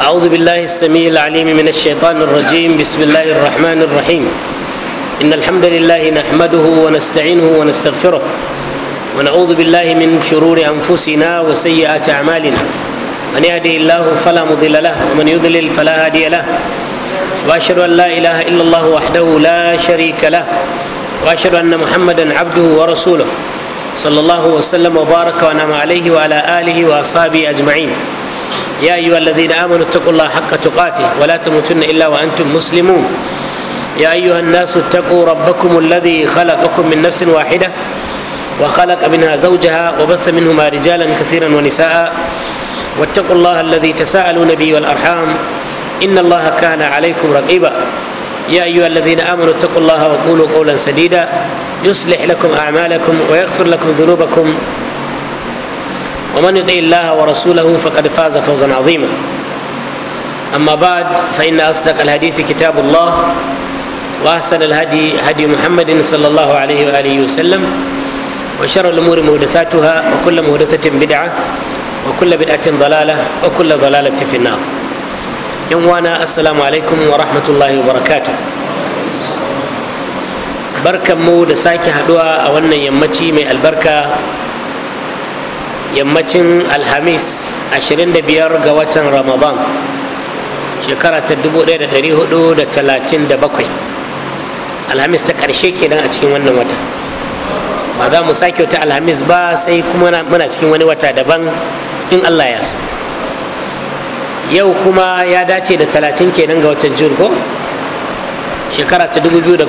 أعوذ بالله السميع العليم من الشيطان الرجيم بسم الله الرحمن الرحيم إن الحمد لله نحمده ونستعينه ونستغفره ونعوذ بالله من شرور أنفسنا وسيئات أعمالنا من يهدي الله فلا مضل له ومن يضلل فلا هادي له وأشهد أن لا إله إلا الله وحده لا شريك له وأشهد أن محمدا عبده ورسوله صلى الله وسلم وبارك وأنعم عليه وعلى آله وأصحابه أجمعين يا ايها الذين امنوا اتقوا الله حق تقاته ولا تموتن الا وانتم مسلمون يا ايها الناس اتقوا ربكم الذي خلقكم من نفس واحده وخلق منها زوجها وبث منهما رجالا كثيرا ونساء واتقوا الله الذي تساءلون به والارحام ان الله كان عليكم رقيبا يا ايها الذين امنوا اتقوا الله وقولوا قولا سديدا يصلح لكم اعمالكم ويغفر لكم ذنوبكم ومن يطيع الله ورسوله فقد فاز فوزا عظيما اما بعد فان اصدق الحديث كتاب الله واحسن الهدي هدي محمد صلى الله عليه واله وسلم وشر الامور محدثاتها وكل محدثه بدعه وكل بدعه ضلاله وكل ضلاله في النار يوانا السلام عليكم ورحمه الله وبركاته بركة da sake هدوها a wannan yammaci mai albarka yammacin alhamis 25 ga watan ramadan shekara ta 1437 alhamis ta ƙarshe kenan a cikin wannan wata ba za mu sake wata alhamis ba sai kuma muna cikin wani wata daban in allah ya so yau kuma ya dace da 30 kenan ga watan jun ko shekara ta 2016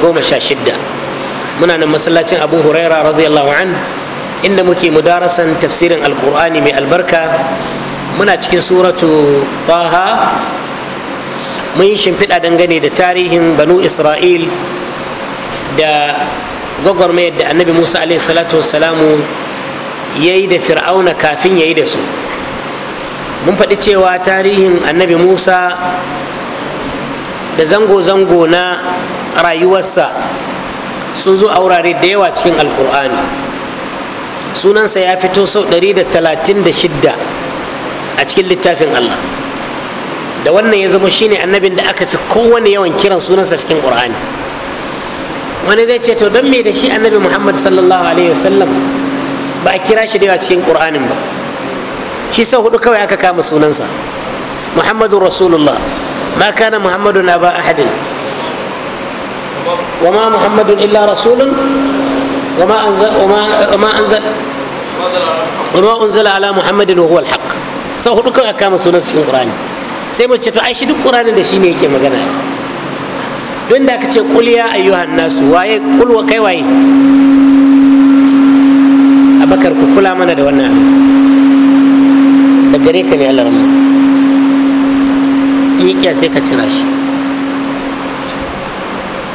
muna nan masallacin abu huraira radiyallahu anhu inda muke mudarasan tafsirin alkur'ani mai albarka muna cikin suratu taha mun yi shimfiɗa dangane da tarihin banu isra'il da gwagwarmayar da annabi musa salatu wassalamu ya yi da fir'auna kafin ya yi da su mun faɗi cewa tarihin annabi musa da zango-zango na rayuwarsa sun zo a wurare da yawa cikin alkur'ani sunansa ya fito sau 136 a cikin littafin Allah da wannan ya zama shine annabin da aka fi kowane yawan kiran sunansa cikin ƙur'ani wani zai ce to don me da shi annabi muhammad sallallahu alaihi wasallam ba a kira shi da yawa cikin ƙur'anin ba shi sau hudu kawai aka kama sunansa muhammadu rasulullah ma kana muhammadu na ba ahadin wa ma muhammadun illa rasulun وما أنزل وما وما أنزل وما أنزل على محمد وهو الحق sau hudu kawai kama sunan cikin qur'ani sai ما to ai shi duk qur'anin da شي yake magana don da kace qul ya ayyuhan nasu waye qul wa kai abakar ku kula mana da wannan da gare ka ne Allah ramu in sai ka cira shi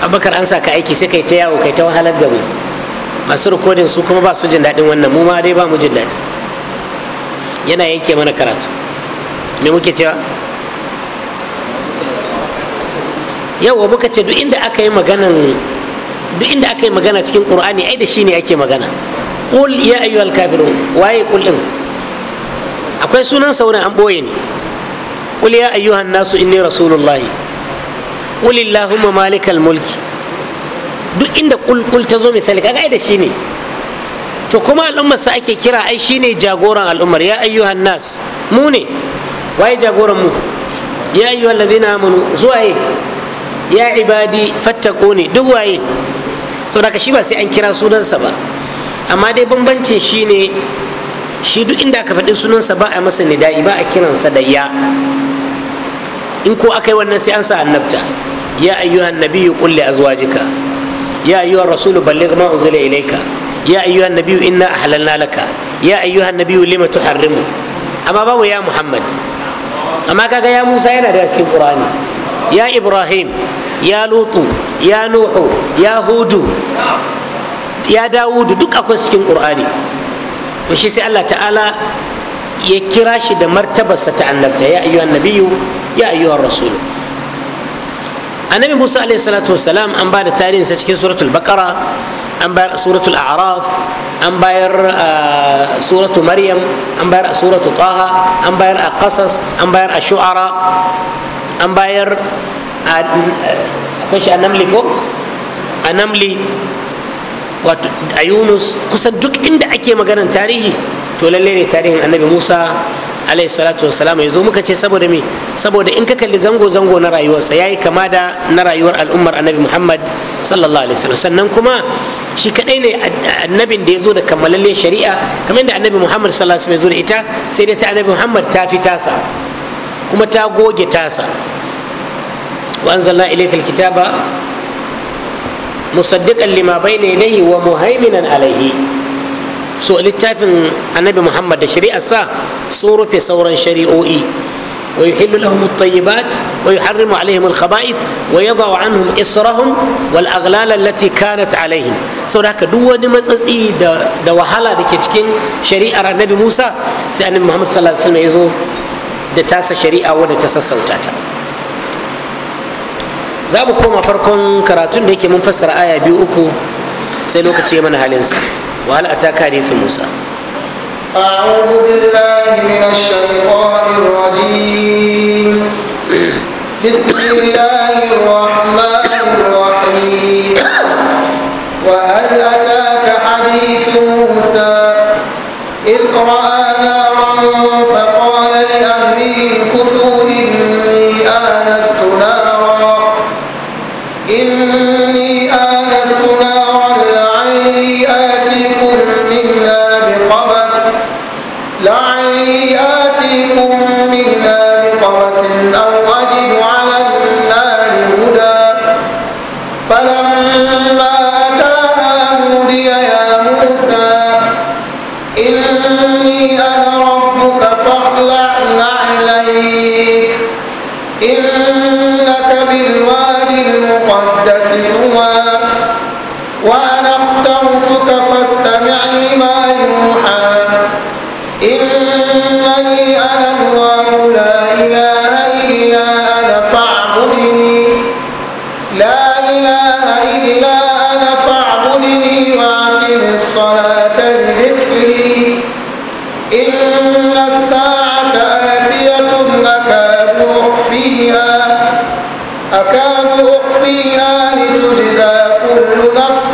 abakar an sa ka aiki sai kai ta yawo kai ta wahalar da mu masu rikodin su kuma ba su jin daɗin wannan mu ma dai ba mu jin daɗi yana yanke mana karatu me muke cewa yawa muka ce duk inda aka yi maganan duk inda aka yi magana cikin qur'ani ai da shine ake magana qul ya ayyuhal kafirun waye qul din akwai sunan sauran an boye ne qul ya ayyuhan nasu inni rasulullahi qul allahumma malikal mulki duk inda kulkul ta zo misali kaga da shi to kuma al'ummar sa ake kira ai shine jagoran al'ummar ya ayyuhan nas mu ne waye jagoran mu ya ayyuhal ladina amanu zuwaye ya ibadi fattakuni duk waye to daga shi ba sai an kira sunansa ba amma dai bambancin shine shi duk inda aka faɗi sunansa ba a masa nida'i ba a kiransa da ya in ko akai wannan sai an sa annabta ya ayyuhan nabiyyu qul li azwajika يا أيها الرسول بلغ ما أنزل إليك يا أيها النبي إنا أحللنا لك يا أيها النبي لم تحرمه أما بابو يا محمد أما كاكا يا موسى أنا داسي القرآن يا إبراهيم يا لوط يا نوح يا هود يا داود دك أكو سكين قرآني وشي سي الله تعالى يكراش دا مرتبة ستعنبت يا أيها النبي يا أيها الرسول annabi musa alaihi salatu wassalam an ba da tarihinsa cikin suratul baqara an bayar a suratul a'raf an bayar a suratu maryam an bayar a suratu taha an bayar a qasas an bayar a shu'ara an bayar a a namli ko a namli wato a yunus kusan duk inda ake maganar tarihi to lalle ne tarihin annabi musa alaihi salatu wassalam ya zo muka ce saboda me saboda in ka kalli zango zango na rayuwarsa yayi kama da na rayuwar al'ummar annabi muhammad sallallahu alaihi wasallam sannan kuma shi kadai ne annabin da ya zo da kammalalle shari'a kamar yadda annabi muhammad sallallahu alaihi wasallam ya zo da ita sai dai ta annabi muhammad ta fi tasa kuma ta goge tasa wa anzalna ilaykal kitaba musaddiqan lima bayna yadayhi wa muhaiminan alaihi so littafin annabi muhammad da shari'arsa sun rufe sauran shari'o'i ويحل لهم الطيبات ويحرم عليهم الخبائث ويضع عنهم إصرهم والأغلال التي كانت عليهم sau da haka duk wani matsatsi da wahala da ke cikin shari'ar annabi musa sai annabi muhammad sallallahu alaihi wasallam ya zo da tasa shari'a wadda ta sassauta ta za mu koma farkon karatun da yake mun fassara aya biyu uku sai lokaci ya mana halinsa وهل أتاك حديث موسى أعوذ بالله من الشيطان الرجيم بسم الله الرحمن الرحيم وهل أتاك حديث موسى إذ رأى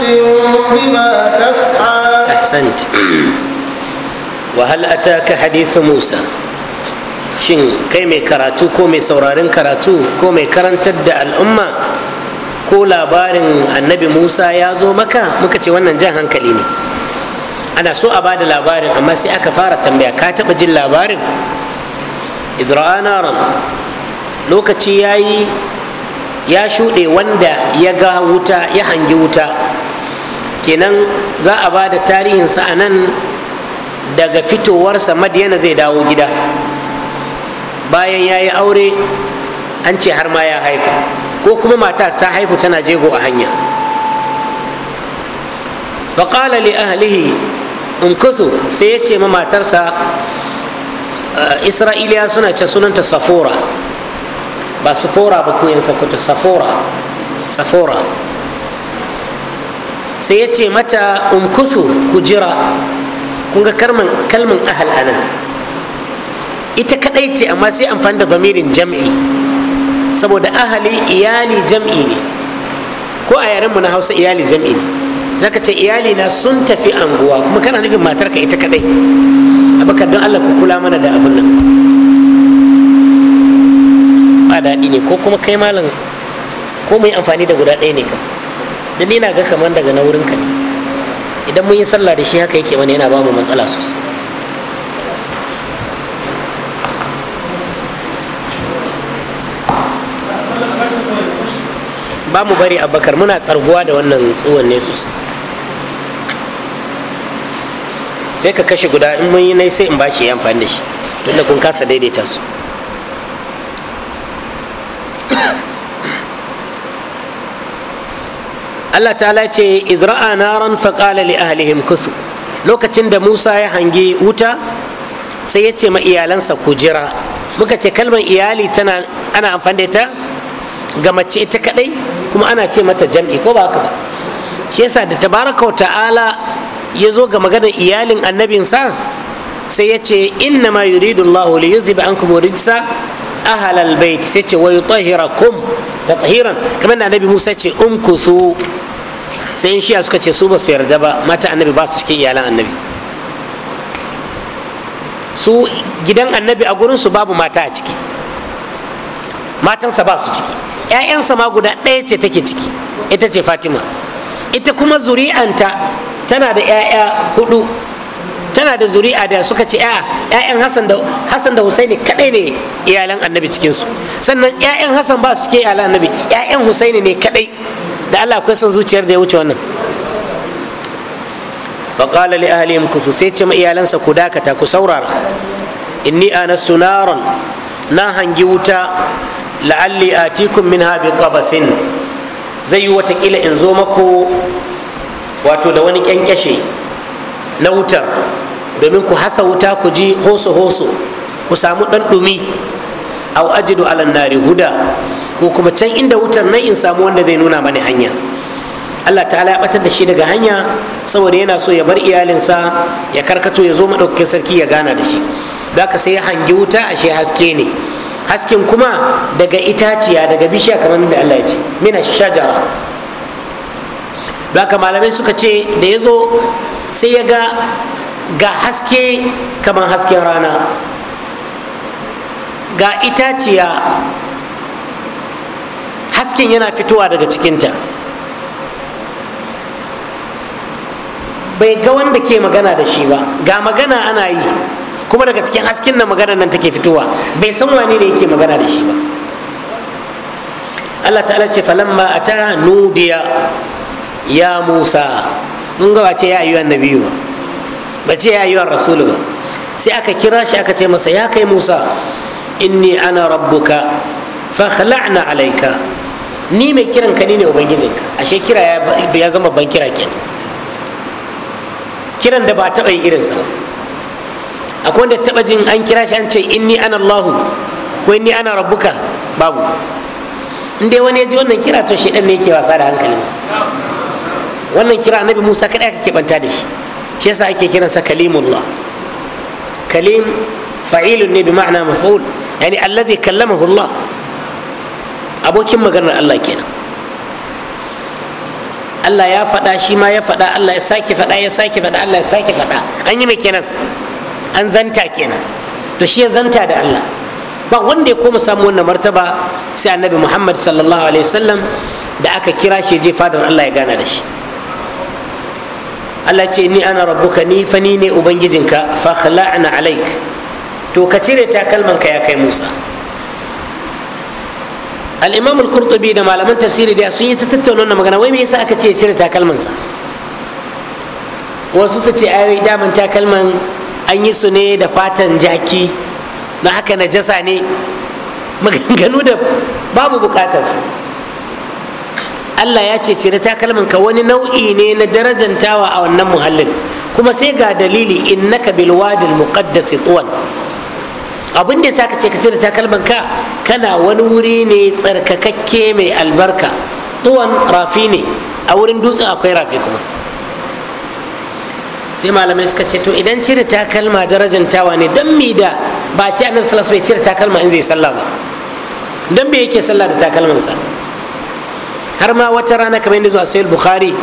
نفس بما تسعى أحسنت وهل أتاك حديث موسى shin kai mai karatu ko mai saurarin karatu ko mai karantar da al'umma ko labarin annabi musa ya zo maka muka ce wannan jan hankali ne ana so a ba da labarin amma sai aka fara tambaya ka taɓa jin labarin idra'a lokaci ya yi ya shuɗe wanda ya ga wuta ya hangi wuta kenan za a ba da tarihinsa a nan daga fitowarsa madiyana zai dawo gida bayan ya yi aure an ce har ma ya haifa ko kuma mata ta haifu tana jego a hanya faƙala li ahlihi in kusu sai ya ce ma matarsa eh, isra'iliya suna ce sunanta safora ba safora ba koyan sakuta safora safora sai ya ce mata umkusu ku jira kun ga kalmin ahal anan ita kadai ce amma sai amfani da zamirin jam'i saboda ahali iyali jam'i ne ko a yarenmu na hausa iyali jam'i ne zaka ce iyali na sun tafi anguwa kuma kana nufin matar ka ita kadai abakar don allah ku kula mana da abin nan ba daɗi ne ko kuma kai malam ko mai amfani da guda ɗaya ne ka da ni na ga kamar daga na wurinka ne idan mun yi sallah da shi haka yake mana yana ba mu matsala sosai ba mu bari abakar muna tsarguwa da wannan tsohon ne sosai sai ka kashe guda in mun yi nai sai in ba shi amfani da shi tunda kun kasa daidaita su Allah ta'ala ce izra'a naran faƙala li ahlihim kusu lokacin da Musa ya hangi wuta sai ya ce ma iyalansa ku jira muka ce kalmar iyali tana ana amfani da ta ga mace ita kadai kuma ana ce mata jam'i ko ba haka ba shi yasa da tabaraka wa ta'ala ya zo ga maganar iyalin annabinsa sai ya ce inna ma yuridu Allahu li yuzhiba ankum rijsa ahlal bait sai ce wa yutahhirakum tathiran kamar da annabi Musa ce umkusu sai in shiya suka ce su ba su yarda ba mata annabi ba su cikin iyalan annabi su gidan annabi a gurinsu babu mata a ciki matansa ba su ciki 'ya'yansa ma guda ɗaya ce take ciki ita ce fatima ita kuma zuri'anta tana da 'ya'ya hudu tana da zuri'a da suka ce a 'ya'yan hassan da hassan da husaini kadai ne iyalan annabi cikinsu sannan 'ya'yan hassan ba su cike iyalan annabi 'ya'yan husaini ne kadai da Allah akwai son zuciyar da ya wuce wannan qala li ahlihim kusu sai ce ma iyalansa ku dakata ku saurara inni anastu naron na hangi wuta la'alli atikum minha bi qabasin zai yi watakila in zo mako wato da wani kyankyashe na wutar domin ku hasa wuta ku ji hoso hoso ku samu ɗan ɗumi au ajidu alan nari huda ko kuma can inda wutar nan in samu wanda zai nuna mani hanya Allah ta'ala ya batar da shi daga hanya saboda yana so ya bar iyalinsa ya karkato ya zo maɗaukakin sarki ya gana da shi da ka sai ya hangi wuta ashe haske ne hasken kuma daga itaciya daga bishiya kamar da Allah ya ce mina shajara da malamai suka ce da ya zo sai ya ga ga haske kamar hasken rana ga itaciya hasken yana fitowa daga cikinta bai ga wanda ke magana da shi ba ga magana ana yi kuma daga cikin hasken na magana nan take fitowa bai san wane ne yake magana da shi ba Allah ta'ala ce falamma ata nudiya ya Musa mun ga wace ya yi wa ba ba ce ya wa rasulu ba sai aka kira shi aka ce masa ya kai Musa inni ana rabbuka fakhla'na alayka ni mai kiran ka ne ne ubangijin ashe kira ya zama ban kira kenan kiran da ba taɓa yi irinsa ba akwai wanda taɓa jin an kira shi an ce inni ana allahu ko inni ana rabbuka babu inda dai wani ya ji wannan kira to shaidan ne yake wasa da hankalinsa wannan kira annabi musa kaɗai aka keɓanta da shi shi yasa ake kiransa kalimullah kalim fa'ilun ne bi ma'ana maf'ul yani alladhi kallamahu allah abokin maganar Allah kenan Allah ya faɗa shi ma ya faɗa Allah ya sake faɗa ya sake faɗa Allah ya sake faɗa an yi mai kenan an zanta kenan to shi ya zanta da Allah ba wanda ya koma samu wannan martaba sai annabi Muhammad sallallahu alaihi wasallam da aka kira shi je fadar Allah ya gana da shi Allah ce ni ana rabbuka ni fa ni ne ubangijinka fa khla'na alaik to ka cire takalmanka ya kai Musa al-imam da malaman tafsiri da sun yi ta tattauna wannan magana wai me yasa aka ce cire takalmansa wasu su ce ai daman takalman an yi su ne da fatan jaki na haka najasa ne maganganu da babu bukatarsu allah ya ce cire takalmin ka wani nau'i ne na tawa a wannan muhallin kuma sai ga dalili innaka bil wadil muqaddas tuwan abin da sa ka ce ka cire takalman ka kana wani wuri ne tsarkakakke mai albarka tuwon rafi ne a wurin dutsen akwai rafi kuma sai malamai suka ce to idan cire takalma tawa ne don mi da ba ce annabi sallallahu alaihi cire takalma in zai sallah ba don me yake sallah da takalmansa har ma wata rana kamar yadda zuwa sayar bukhari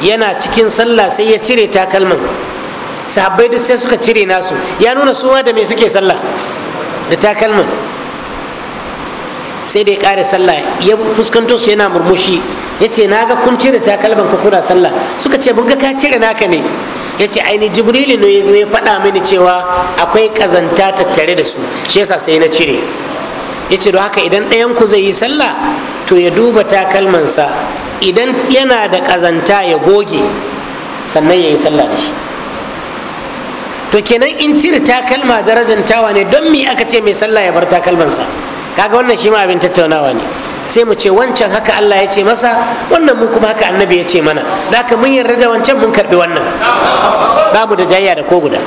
yana cikin sallah sai ya cire takalman sahabbai duk sai suka cire nasu ya nuna suma da me suke sallah da takalman sai da ya kare sallah ya fuskanto su yana murmushi ya ce na ga kun cire takalman ka kuna sallah suka ce ga ka cire naka ne ya ce aini jibrilu ne ya zo ya faɗa mini cewa akwai ƙazanta tattare da su shi yasa sai na cire ya ce don haka idan ɗayan ku zai yi sallah to ya duba takalmansa idan yana da ƙazanta ya goge sannan ya yi sallah da shi to kenan in cire takalma tawa ne don mi aka ce mai sallah ya bar takalmansa kaga wannan shi ma abin tattaunawa ne sai mu ce wancan haka Allah ya ce masa wannan mun kuma haka annabi ya ce mana da ka mun yarda da wancan mun karbi wannan babu da jayya da ko guda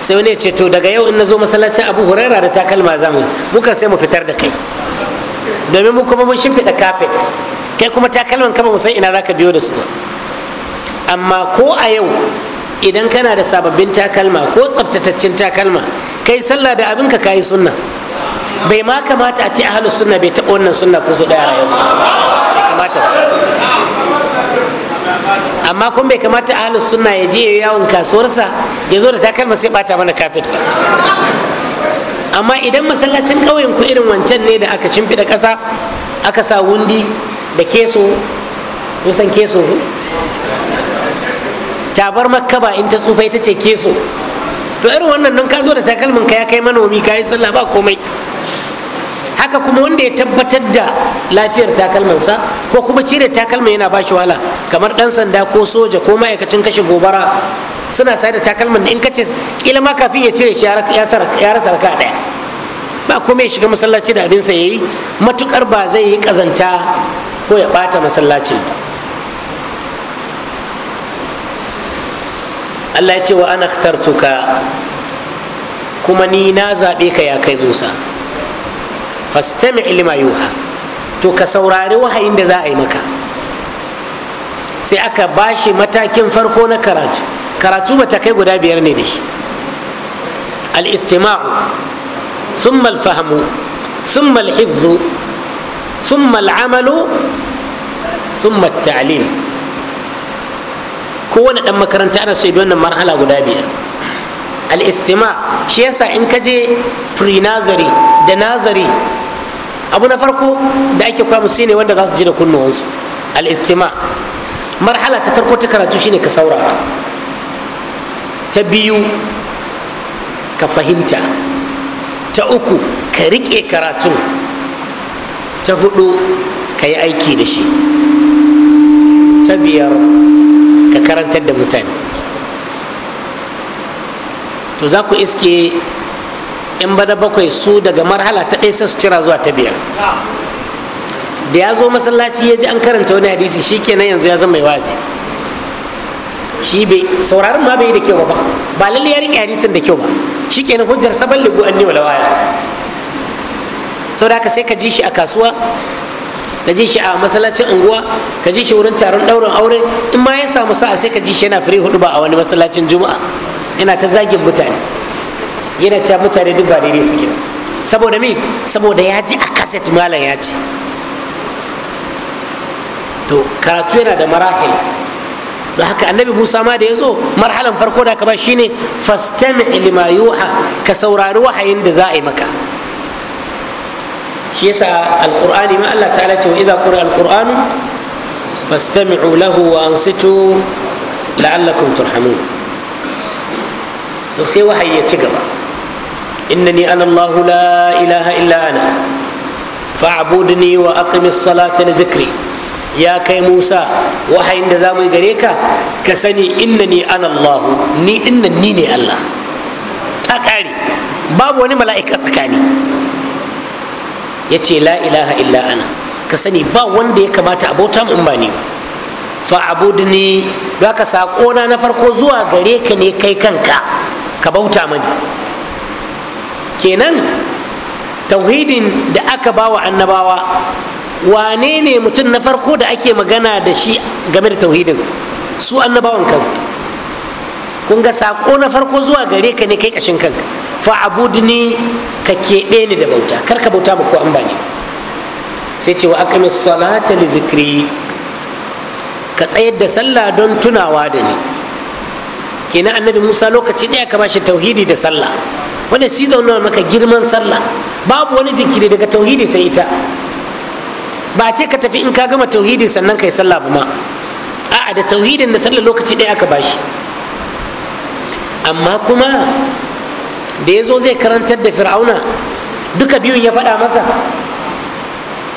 sai wani ya ce to daga yau in na zo masallacin abu huraira da takalma zamu muka sai mu fitar da kai domin mu kuma mun shimfiɗa kafet kai kuma takalman kama mu san ina za ka biyo da su ba amma ko a yau idan kana da sababbin takalma ko tsaftataccen takalma kai sallah da abin ka kayi sunna bai ma kamata a ce halin sunna bai taɓa wannan sunna ko su ɗaya rayuwarsa bai kamata amma kuma bai kamata halin sunna ya je yawon kasuwarsa ya zo da takalma sai bata mana kafet amma idan masallacin ƙauyen ku irin wancan ne da aka shimfiɗa ƙasa aka sa wundi da keso kusan keso tabar ba in ta tsufa ita ce keso to irin wannan nan ka zo da takalmin ka ya kai manomi ka yi sallah ba komai haka kuma wanda ya tabbatar da lafiyar takalmansa ko kuma cire takalmin yana bashi shi wahala kamar dan sanda ko soja ko ma'aikacin kashe gobara suna sai da takalmin da in ka ce kila ma kafin ya cire shi ya rasa raka daya ba kuma ya shiga masallaci da abinsa ya yi matukar ba zai yi kazanta ko ya bata masallacin ba Allah ya ce wa ana tuka kuma ni na zaɓe ka ya kai Musa fastami lima yuha to ka saurari wahayin da za a yi maka sai aka bashi matakin farko na karatu karatu ba ta kai guda biyar ne da shi al-istima'u thumma al-fahmu thumma al-hifdhu thumma al-amalu thumma at-ta'lim kowane dan makaranta ana so wannan marhala guda biyar al-istima shi yasa in ka je pre-nazari da nazari abu na farko da ake kwa musu ne wanda za su ji da kunnuwansu al marhala ta farko ta karatu shine ka saura ta biyu ka fahimta ta uku ka rike karatun ta hudu ka yi aiki da shi ta biyar ka karantar da mutane to za ku iske yan bada bakwai su daga marhala ta ɗaya sai su cira zuwa ta biyar da ya zo masallaci ya ji an karanta wani hadisi shi kenan yanzu ya zama mai wazi shi bai sauraron ma bai yi da kyau ba ba lalle ya riƙe hadisin da kyau ba shi kenan hujjar sabon ligu an ne wala waya sau da sai ka ji shi a kasuwa ka ji shi a masallacin unguwa ka ji shi wurin taron ɗaurin aure in ma ya samu sa'a sai ka ji shi yana firi hudu ba a wani masallacin juma'a yana ta zagin mutane yana ta mutane duk ba daidai suke saboda me saboda ya ji a kaset malam ya ce to karatu yana da marahil da haka annabi musa ma da ya zo marhalan farko da ka ba shine fastami lima yuha ka saurari wahayin da za a yi maka shi yasa alqur'ani ma Allah ta'ala ce wa idza qura alqur'anu fastami'u lahu wa ansitu la'allakum turhamun to sai wahayi ya ci gaba innani ana Allah la ilaha illa ana fa'budni wa aqimis salata li dhikri ya kai Musa wahayin da zamu gare ka ka sani innani ana Allah ni innan ni ne Allah ta kare babu wani mala'ika tsakani ya ce la ilaha illa ana ka sani ba wanda ya kamata abota in ba ni ba fa abudni don ka saƙona na farko zuwa gare ka ne kai kanka ka bauta mani kenan tauhidin da aka ba wa annabawa wane ne mutum na farko da ake magana da shi game da tauhidin su annabawan kansu kun ga saƙo na farko zuwa gare ka ne kai ƙashin kanka fa'budni ka keɓe ni da bauta kar ka bauta ko an bani sai ce wa aqimi salata li dhikri ka tsayar da sallah don tunawa da ni kenan annabi Musa lokaci ɗaya ka bashi tauhidi da sallah wanda shi zauna maka girman sallah babu wani jinkiri daga tauhidi sai ita ba ce ka tafi in ka gama tauhidi sannan kai sallah ba ma a'a da tauhidin da sallah lokaci ɗaya aka bashi amma kuma da ya zo zai karantar da fir'auna duka biyun ya faɗa masa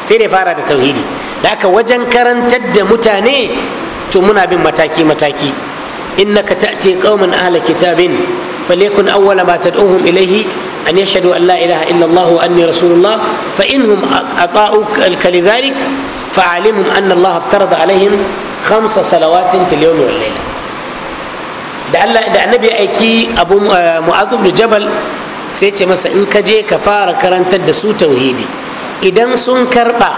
sai da fara da tauhidi da aka wajen karantar da mutane to muna bin mataki-mataki innaka ta'ti qauman ahla kitabin falyakun awwala ma tad'uhum ilayhi an yashhadu أن يشهدوا أن لا إله إلا الله وأني رسول الله فإنهم أطاؤوك لذلك anna allah الله alayhim khamsa salawatin fil yawmi wal layla da Allah da annabi ya aiki abu eh, mu'adh ibn jabal sai ce masa in ka je ka fara karantar da su tauhidi idan sun karba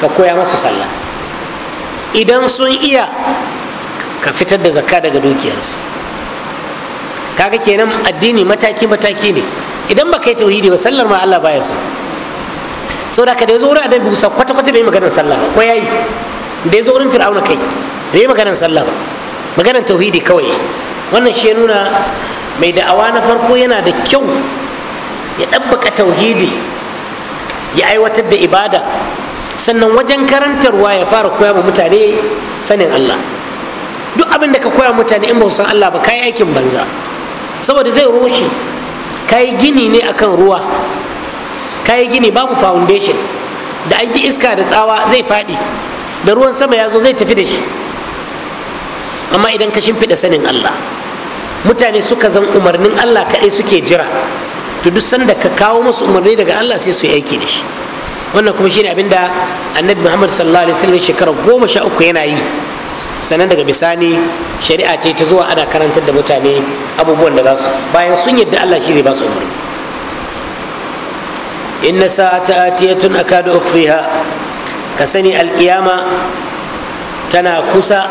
ka koya masu sallah idan sun iya ka fitar da zakka daga dukiyarsu kaga kenan addini mataki mataki ne idan baka yi tauhidi ba sallar ma Allah baya so saboda ka da yazo wurin annabi Musa kwata kwata bai maganar sallah ko yayi da yazo wurin Fir'auna kai bai maganar sallah ba maganar tauhidi kawai wannan shi nuna mai da'awa na farko yana da kyau ya ɗabbaka tauhidi ya aiwatar da ibada sannan wajen karantarwa ya fara koya ma mutane sanin allah duk abin da ka koya mutane in ba san allah ba kayi aikin banza saboda zai roshe kai gini ne akan ruwa kai gini babu foundation da an iska da tsawa zai faɗi da ruwan sama ya zo zai tafi da shi amma idan ka shimfiɗa sanin allah mutane suka zan umarnin allah kaɗai suke jira to duk sanda ka kawo masu umarni daga allah sai su yi aiki da shi wannan kuma shine da annabi muhammad sallallahu alaihi wasallam shekara goma sha uku yana yi sannan daga bisani shari'a ta ta zuwa ana karantar da mutane abubuwan da za su bayan sun yadda allah shi zai ba su umarni inna sa'ata atiyatun akadu ukhfiha ka sani alkiyama tana kusa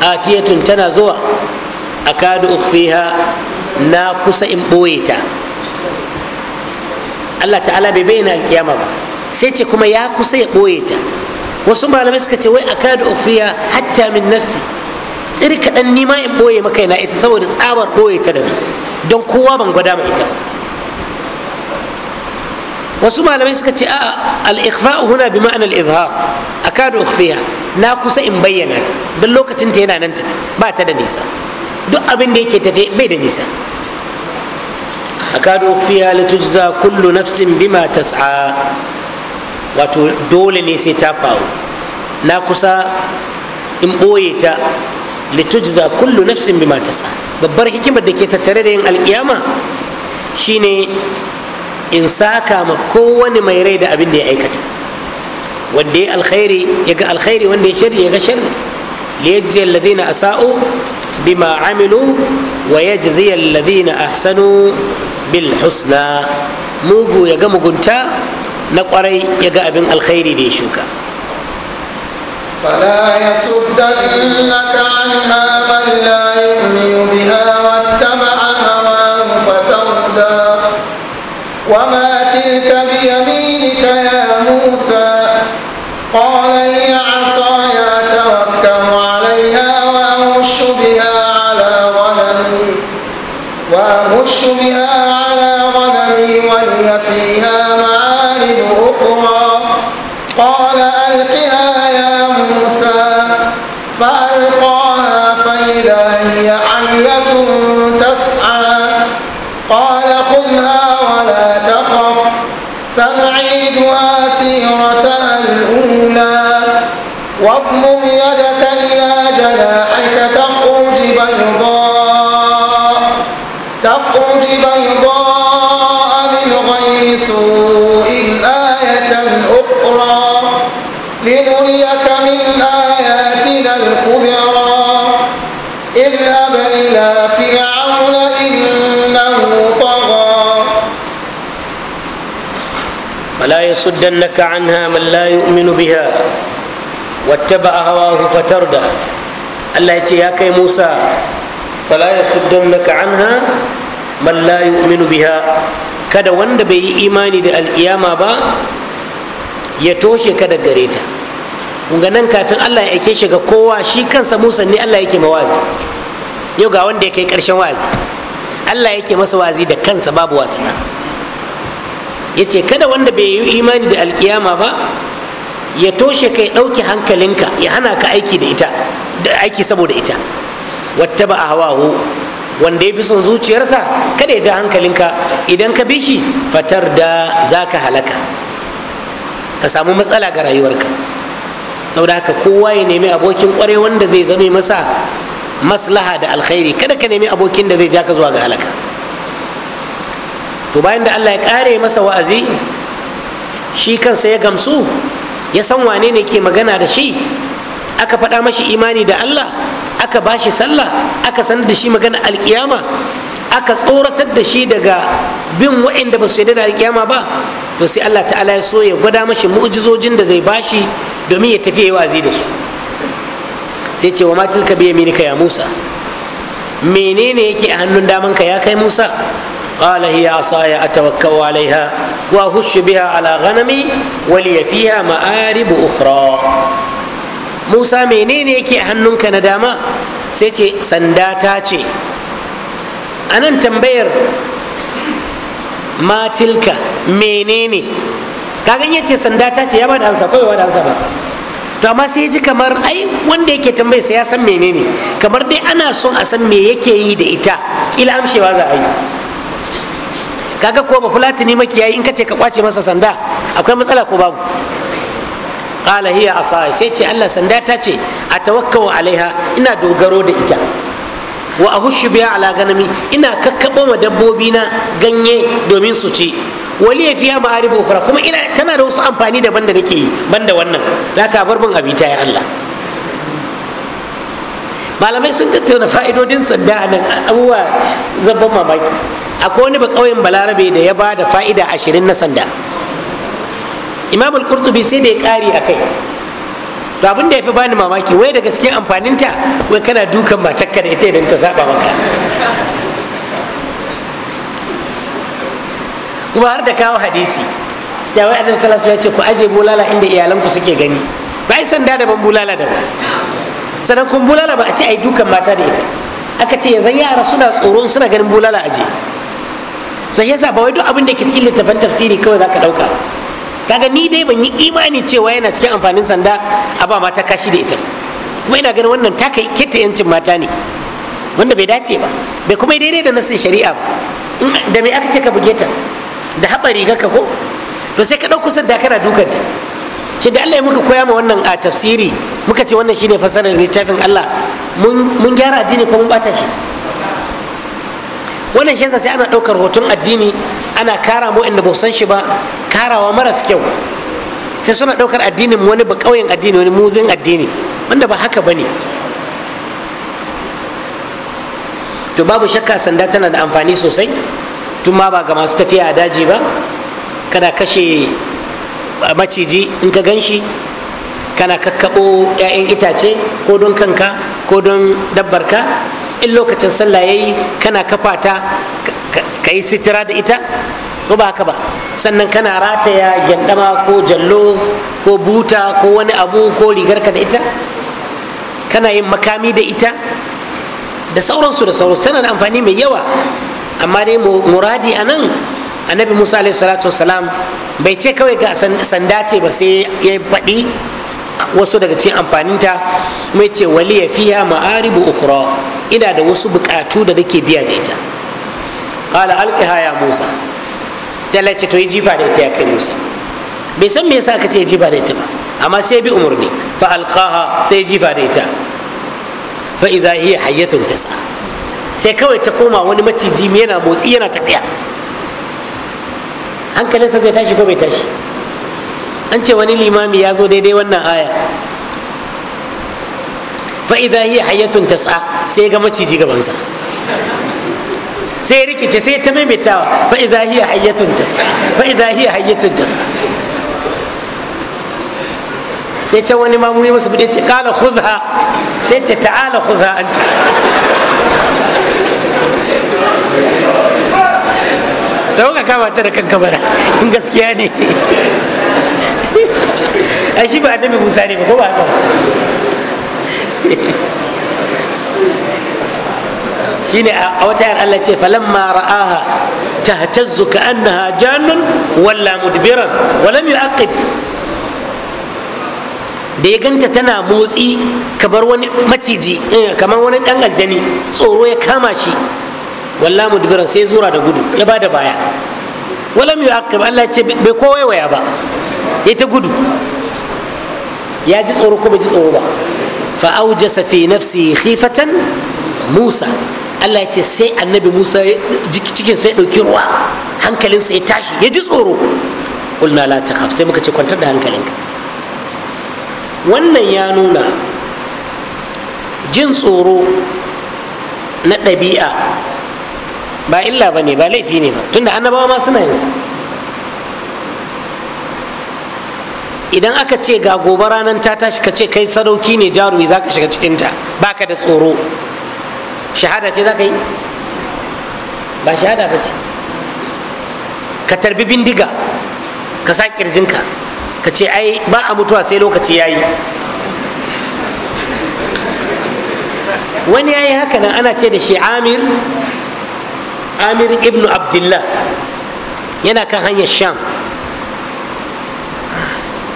atiyatun tana zuwa akadu ukhfiha na kusa in ɓoye ta Allah ta'ala bai bayyana alkiyama ba sai ce kuma ya kusa ya ɓoye ta wasu malamai suka ce wai akadu ukhfiya hatta min nafsi tsiri kaɗan nima in ɓoye maka yana ita saboda tsabar ɓoye ta da don kowa ban gwada ma ita wasu malamai suka ce a'a al-ikhfa huna bi ma'anar izhar akadu ukhfiya na kusa in bayyana ta don lokacin ta yana nan tafi ba ta da nisa duk abin da yake tafe bai da nisa akadu fiya litujza kullu nafsin bima tas'a wato dole ne sai ta faru na kusa in ɓoye ta litujza kullu nafsin bima tas'a babbar hikimar da ke tattare da yin alkiyama shine in saka ma kowane mai rai da abin da ya aikata wanda ya alkhairi ya ga alkhairi wanda ya shirri ya ga shirri liyajzi alladhina asa'u bima amilu wa yajzi alladhina ahsanu bil husna mugu ya ga mugunta na kwarai ya ga abin alkhairi da ya shuka فلا يصدنك عنها من لا musa. قال هي عصاي أتوكل عليها وأهش بها على غنمي وأهش بها على غنمي وهي فيها معارف أخرى قال ألقها يا موسى فألقاها فإذا هي حية تسعى واضمم يدك إلى جناحك تخرج بيضاء تخرج بيضاء من غير سوء آية أخرى لنريك من آياتنا الكبرى اذهب إلى فرعون إنه طغى فلا يصدنك عنها من لا يؤمن بها a wattaba hufatar da? Allah ya ce ya kai Musa fala yasuddannaka anha man la minu biha kada wanda bai yi imani da alkiyama ba ya toshe kada gare ta ga nan kafin Allah ya aike shi ga kowa shi kansa Musa ne Allah yake mawazi yau ga wanda ya kai karshen wazi Allah yake masa wazi da kansa babu wasana ya ce kada wanda bai yi imani da alkiyama ba ya toshe ka ya ɗauke hankalinka ya hana ka aiki da ita da aiki saboda ita wata ba a hawahu wanda ya fi son zuciyarsa kada ya ja hankalinka idan ka bi shi fatar da za ka halaka ka samu matsala ga rayuwarka saboda haka kowa ya nemi abokin kware wanda zai zame masa maslaha da alkhairi kada ka nemi abokin da zai ja ka zuwa ga halaka to bayan da allah ya kare masa wa'azi shi kansa ya gamsu ya san wane ne ke magana da shi aka faɗa mashi imani da allah aka ba shi sallah aka sanar da shi magana alkiyama aka tsoratar da shi daga bin waɗanda ba su yadda da alkiyama ba to sai allah ta'ala ya so ya gwada mashi mu'jizojin da zai bashi domin ya tafi ya zai da su sai ce wa ma tilka biya ka ya musa menene yake a hannun daman ka ya kai musa قال هي عصاي أتوكأ عليها وأهش بها على غنمي ولي فيها مآرب أخرى موسى منين يكي أهنك نداما سيتي سنداتاتي أنا تنبير ما تلك منين kagan yace sanda ta ce ya ba da ansa kawai da ansa ba to amma sai ji kamar ai wanda yake tambayarsa sai ya san menene kamar dai ana son a san me yake yi da ita kila amshewa za a yi kaga ko ba fulatini makiyayi in kace ka kwace masa sanda akwai matsala ko babu qala hiya asai sai ce Allah sanda ta ce atawakkau alaiha ina dogaro da ita wa ahushu biya ala ganami ina kakkabo ma dabbobi na ganye domin su ci wali ya fiya ma'arib ukhra kuma ina tana da wasu amfani daban da nake yi banda wannan zaka bar bin abita ya Allah malamai sun tattauna fa'idodin sanda nan abubuwa zabban mamaki akwai wani bakauyen balarabe da ya ba da fa'ida ashirin na sanda imam al-qurtubi sai da ya kari a kai to abin da ya fi bani mamaki wai daga cikin amfaninta wai kana dukan matakka da ita idan ta saba maka kuma har da kawo hadisi jawai annabi sallallahu alaihi wasallam ya ce ku aje bulala inda iyalanku suke gani ba ai sanda daban bulala daban sannan kun bulala ba a ce ai dukan mata da ita aka ce yanzu yara suna tsoron suna ganin bulala aje so yasa ba wai duk abin da ke cikin littafin tafsiri kawai zaka dauka kaga ni dai ban yi imani cewa yana cikin amfanin sanda a ba mata kashi da ita kuma ina ganin wannan taka keta yancin mata ne wanda bai dace ba bai kuma daidai da nasin shari'a ba da mai aka ce ka buge ta da haɓa riga ka ko to sai ka ɗau kusa da kana dukanta shi da Allah ya muka koya ma wannan a tafsiri muka ce wannan shine fassarar littafin Allah mun gyara addini ko mun bata shi wannan shi sai ana ɗaukar hoton addini ana kara mu inda san shi ba karawa maras kyau sai suna ɗaukar addinin wani ba ƙauyen addini wani muzin addini wanda ba haka ba ne to babu shakka sanda tana da amfani sosai tun ma ba ga masu tafiya a daji ba kana kashe maciji in ka gan shi kana kakkaɓo 'ya'yan itace ko don kanka ko don dabbarka in lokacin sallah yayi kana kafa ta ka yi sitira da ita ko ba haka ba sannan kana rataya gyandama ko jallo ko buta ko wani abu ko rigarka da ita kana yin makami da ita da sauransu da sauransu tana da amfani mai yawa amma dai muradi a nan annabi musa alaihi salatu wasalam bai ce kawai ga sanda ce ba sai ya faɗi wasu daga cikin amfaninta mai ce waliya fiha ma'aribu ukhra ina da wasu bukatu da nake biya da ita qala alqiha ya musa sai Allah ce to yi jifa da ita ya kai musa bai san me yasa ka ce jifa da ita ba amma sai bi umarni fa alqaha sai jifa da ita fa idha hiya hayyatun tasa sai kawai ta koma wani maciji yana motsi yana tafiya hankalinsa zai tashi ko bai tashi an ce wani limami ya zo daidai wannan aya fa'iza hiya hayyatun tas'a sai ga maciji gabansa sai rikice sai ta maimaitawa fa'iza hiya hayyatun tas'a fa'iza hiya tas'a sai can wani ma muyi musu bude ce kala khuzha sai ce ta'ala khuzha anta ta ka kama ta da kanka bara in gaskiya ne ai shi ba annabi musa ne ba ko ba haka shine a wata yar Allah ce falamma ra'aha tahtazzu ka'annaha jannun walla mudbiran wa lam yu'aqib da ya ganta tana motsi kamar wani maciji eh, kamar wani dan aljani tsoro ya kama shi walla mudbiran sai zura da gudu ya bada baya wa lam yu'aqib Allah ce bai waya ba ya ta gudu ya ji tsoro ko bai ji tsoro ba fa aujasa fi nafsi khifatan musa Allah ya ce sai annabi Musa cikin sai ɗauki ruwa hankalin ya tashi ya ji tsoro ƙulna la ta sai muka ce kwantar da hankalinka wannan ya nuna jin tsoro na ɗabi'a ba illa ba ne ba laifi ne ba tunda annabawa ma suna sa. idan aka ce ga gobe ranar ta tashi ka ce kai sadauki ne jarumi za ka shiga cikinta ba ka da tsoro shahada ce za ka yi ba shahada ba ce ka tarbi bindiga ka sa kirjinka ka ce ai ba a mutuwa sai lokaci ya yi wani ya yi haka nan ana ce da shi amir amir ibn abdullah yana kan hanyar sham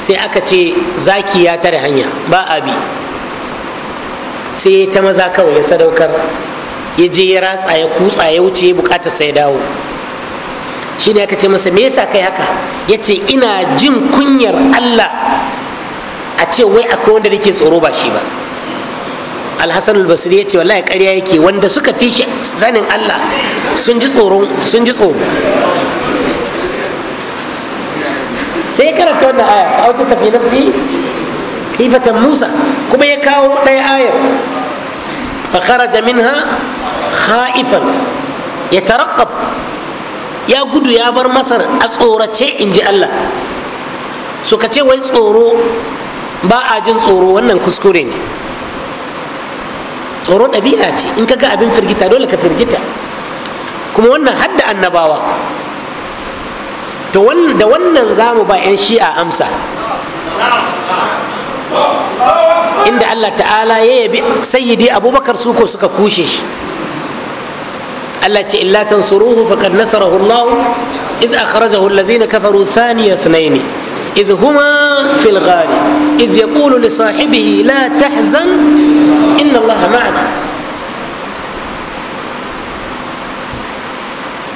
sai aka ce zaki ya tare hanya ba abi sai ya ta maza kawai ya sadaukar ya je ya ratsa ya kutsa ya wuce ya bukata sai dawo shi ne aka ce masa me yasa kai haka ya ce ina jin kunyar allah a ce wai akwai wanda nake tsoro ba shi ba alhassan albasiri ya ce wallahi ƙarya yake wanda suka fi sanin allah sun ji tsoro sai ya karanta wannan aya fa auta safi nafsi hifatan musa kuma ya kawo ɗaya ayar fa kharaja minha khaifan ya taraqqab ya gudu ya bar masar a tsorace in ji allah so ka ce wai tsoro ba a jin tsoro wannan kuskure ne tsoro ɗabi'a ce in ka ga abin firgita dole ka firgita kuma wannan hadda annabawa da wannan za mu ba 'yan shi'a amsa inda allah ta'ala ya yabi sayyidi abubakar suko suka kushe shi allah ce illa tansuruhu faqad nasarahu allah idh akhrajahu alladhina kafaru thaniya ithnaini idh huma fil idh yaqulu li sahibihi la tahzan inna allaha ma'ana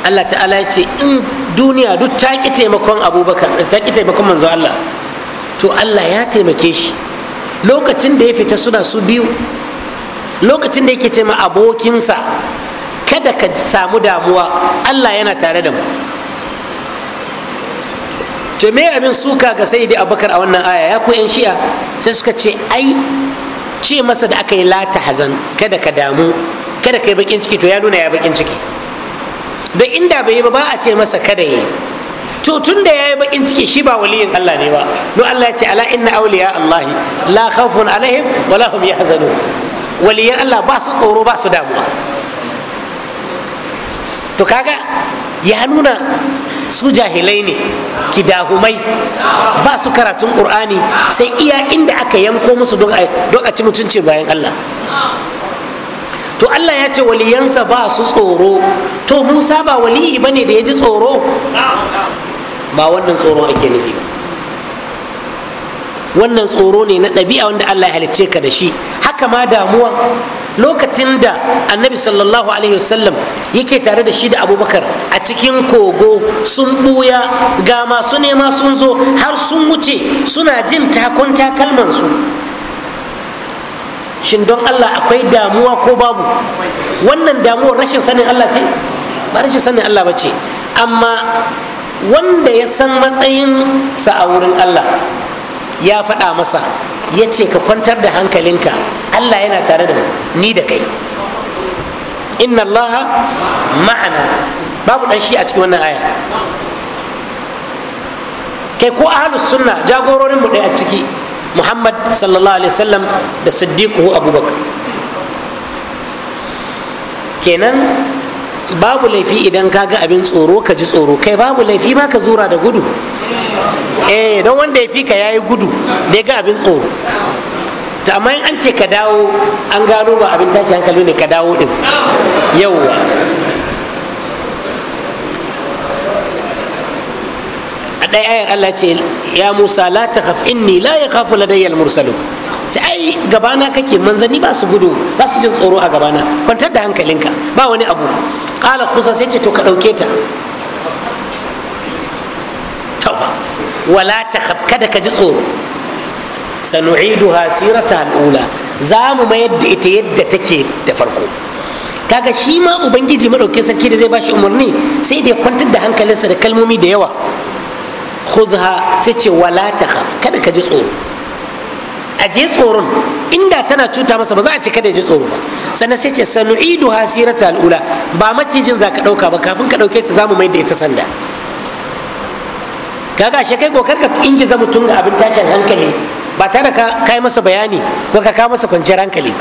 allah ta'ala ya ce in duniya duk ta ƙi taimakon abubakar ta ƙi taimakon manzo Allah to Allah ya taimake shi lokacin da ya fita suna su biyu lokacin da yake taima abokinsa kada ka samu damuwa Allah yana tare da mu to me abin suka ga sai dai abubakar a wannan aya ya ku yan shi'a sai suka ce ai ce masa da aka yi lata hazan kada ka damu kada ka yi bakin ciki to ya nuna ya bakin ciki da inda bai yi ba ba a ce masa kada yi to tun da yi bakin ciki shi ba waliyin Allah ne ba no Allah ya ce ala inna awliya Allah la khawfun alaihim wa la yahzanun waliyan Allah ba su tsoro ba su damuwa to kaga ya nuna su jahilai ne kidahumai ba su karatun qur'ani sai iya inda aka yanko musu don a ci mutunci bayan Allah to Allah ya ce waliyansa ba su tsoro to Musa ba waliyi bane da ya ji tsoro ba wannan tsoro ake nufi ba wannan tsoro ne na ɗabi'a wanda Allah ya halicce ka da shi haka ma damuwa lokacin da annabi sallallahu alaihi wasallam yake tare da shi da abubakar a cikin kogo sun buya ga masu nema sun zo har sun wuce suna jin takon takalmansu shin don allah akwai damuwa ko babu wannan damuwar rashin sanin allah ce ba rashin sanin allah ba ce amma wanda ya san matsayin sa a wurin allah ya faɗa masa ya ce ka kwantar da hankalinka allah yana tare da ni da kai inna allaha ma'ana babu dan shi a cikin wannan aya kai ko ahlus sunna jagororin mu ɗaya a ciki muhammad sallallahu alaihi wasallam da siddiquhu abubakar kenan babu laifi idan ka ga abin tsoro ka ji tsoro kai babu laifi ma ka zura da gudu eh don wanda ya fi ka yayi gudu da ya ga abin tsoro to amma an ce ka dawo an gano ba abin tashi hankali ne ka dawo din yauwa a ɗaya ayar Allah ce ya Musa la takhaf inni la yakhafu ladayyal mursalu ta ai gabana kake manzanni ba su gudu ba su jin tsoro a gabana kwantar da hankalinka ba wani abu qala khusa sai ce to ka ɗauke ta tauba wala ta kada ka ji tsoro sanu'iduha ta al'ula za mu mayar da ita yadda take da farko kaga shi ma ubangiji madaukin sarki da zai shi umarni sai da ya kwantar da hankalinsa da kalmomi da yawa khudha sai ce wala ta khaf kada ka ji tsoro a je tsoron inda tana cuta masa ba za a ce kada ji tsoro ba sannan sai ce sanu'idu hasirata al'ula ba macijin za ka ɗauka ba kafin ka ɗauke ta zamu mai da ita sanda kaga shi kai kokar ka ingiza mutum ga abin tashin hankali ba tare ka kai masa bayani ko ka kawo masa kwanciyar hankali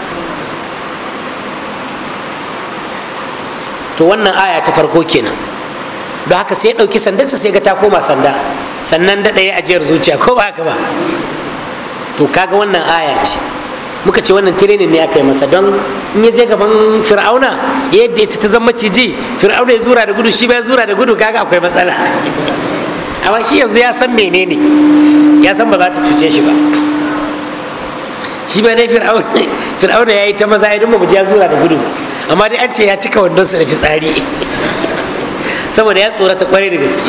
to wannan aya ta farko kenan don haka sai ya ɗauki sandarsa sai ga ta koma sanda sannan da ɗaya ajiyar zuciya ko ba haka ba to kaga wannan aya ce muka ce wannan tirenin ne aka yi masa don in ya je gaban fir'auna yadda ita ta zama ciji fir'auna ya zura da gudu shi ba ya zura da gudu kaga akwai matsala amma shi yanzu ya san menene ya san ba za ta cuce shi ba shi ba dai fir'auna ya yi ta maza ya dumma ya zura da gudu amma dai an ce ya cika wandonsa da fitsari saboda ya tsorata kwarai da gaske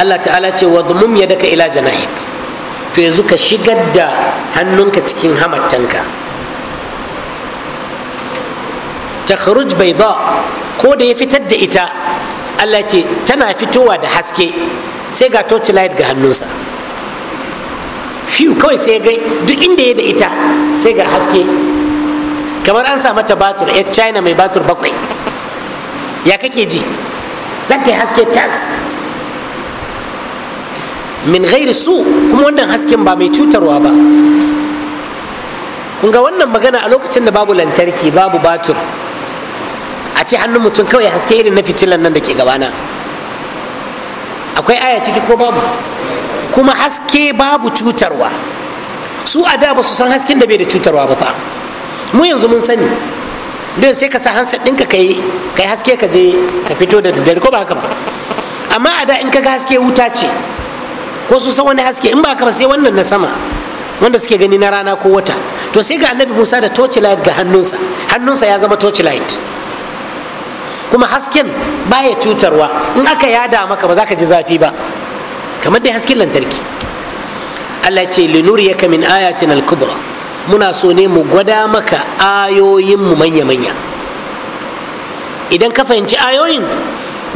Allah ta'ala ce wa dumum ya daka ila janahik to yanzu ka shigar da hannunka cikin hamattanka ta kharuj bai ko da ya fitar da ita Allah ce tana fitowa da haske sai ga torchlight ga hannunsa fiu kawai sai ga duk inda ya da ita sai ga haske kamar an sa mata batur ya china mai batur bakwai ya kake ji zata ta haske tas min gairi su kuma wannan hasken ba mai cutarwa ba kun wannan magana a lokacin da babu lantarki babu batur a ce hannun mutum kawai haske irin na fitilan nan da ke gabana akwai aya ciki ko babu kuma haske babu cutarwa su a da ba su san hasken da bai da cutarwa ba fa mu yanzu mun sani don sai ka sa hansa ɗinka ka yi haske ka je ka fito da daddare ko ba haka ba amma a da in ka ga haske wuta ce ko su san wani haske in ba haka ba sai wannan na sama wanda suke gani na rana ko wata to sai ga annabi musa da torchlight ga hannunsa hannunsa ya zama torchlight kuma hasken baya cutarwa in aka yada maka ba za ka ji zafi ba kamar dai hasken lantarki allah ce linuriyaka min ayatin al-kubra muna so ne mu gwada maka ayoyin mu manya-manya idan ka fahimci ayoyin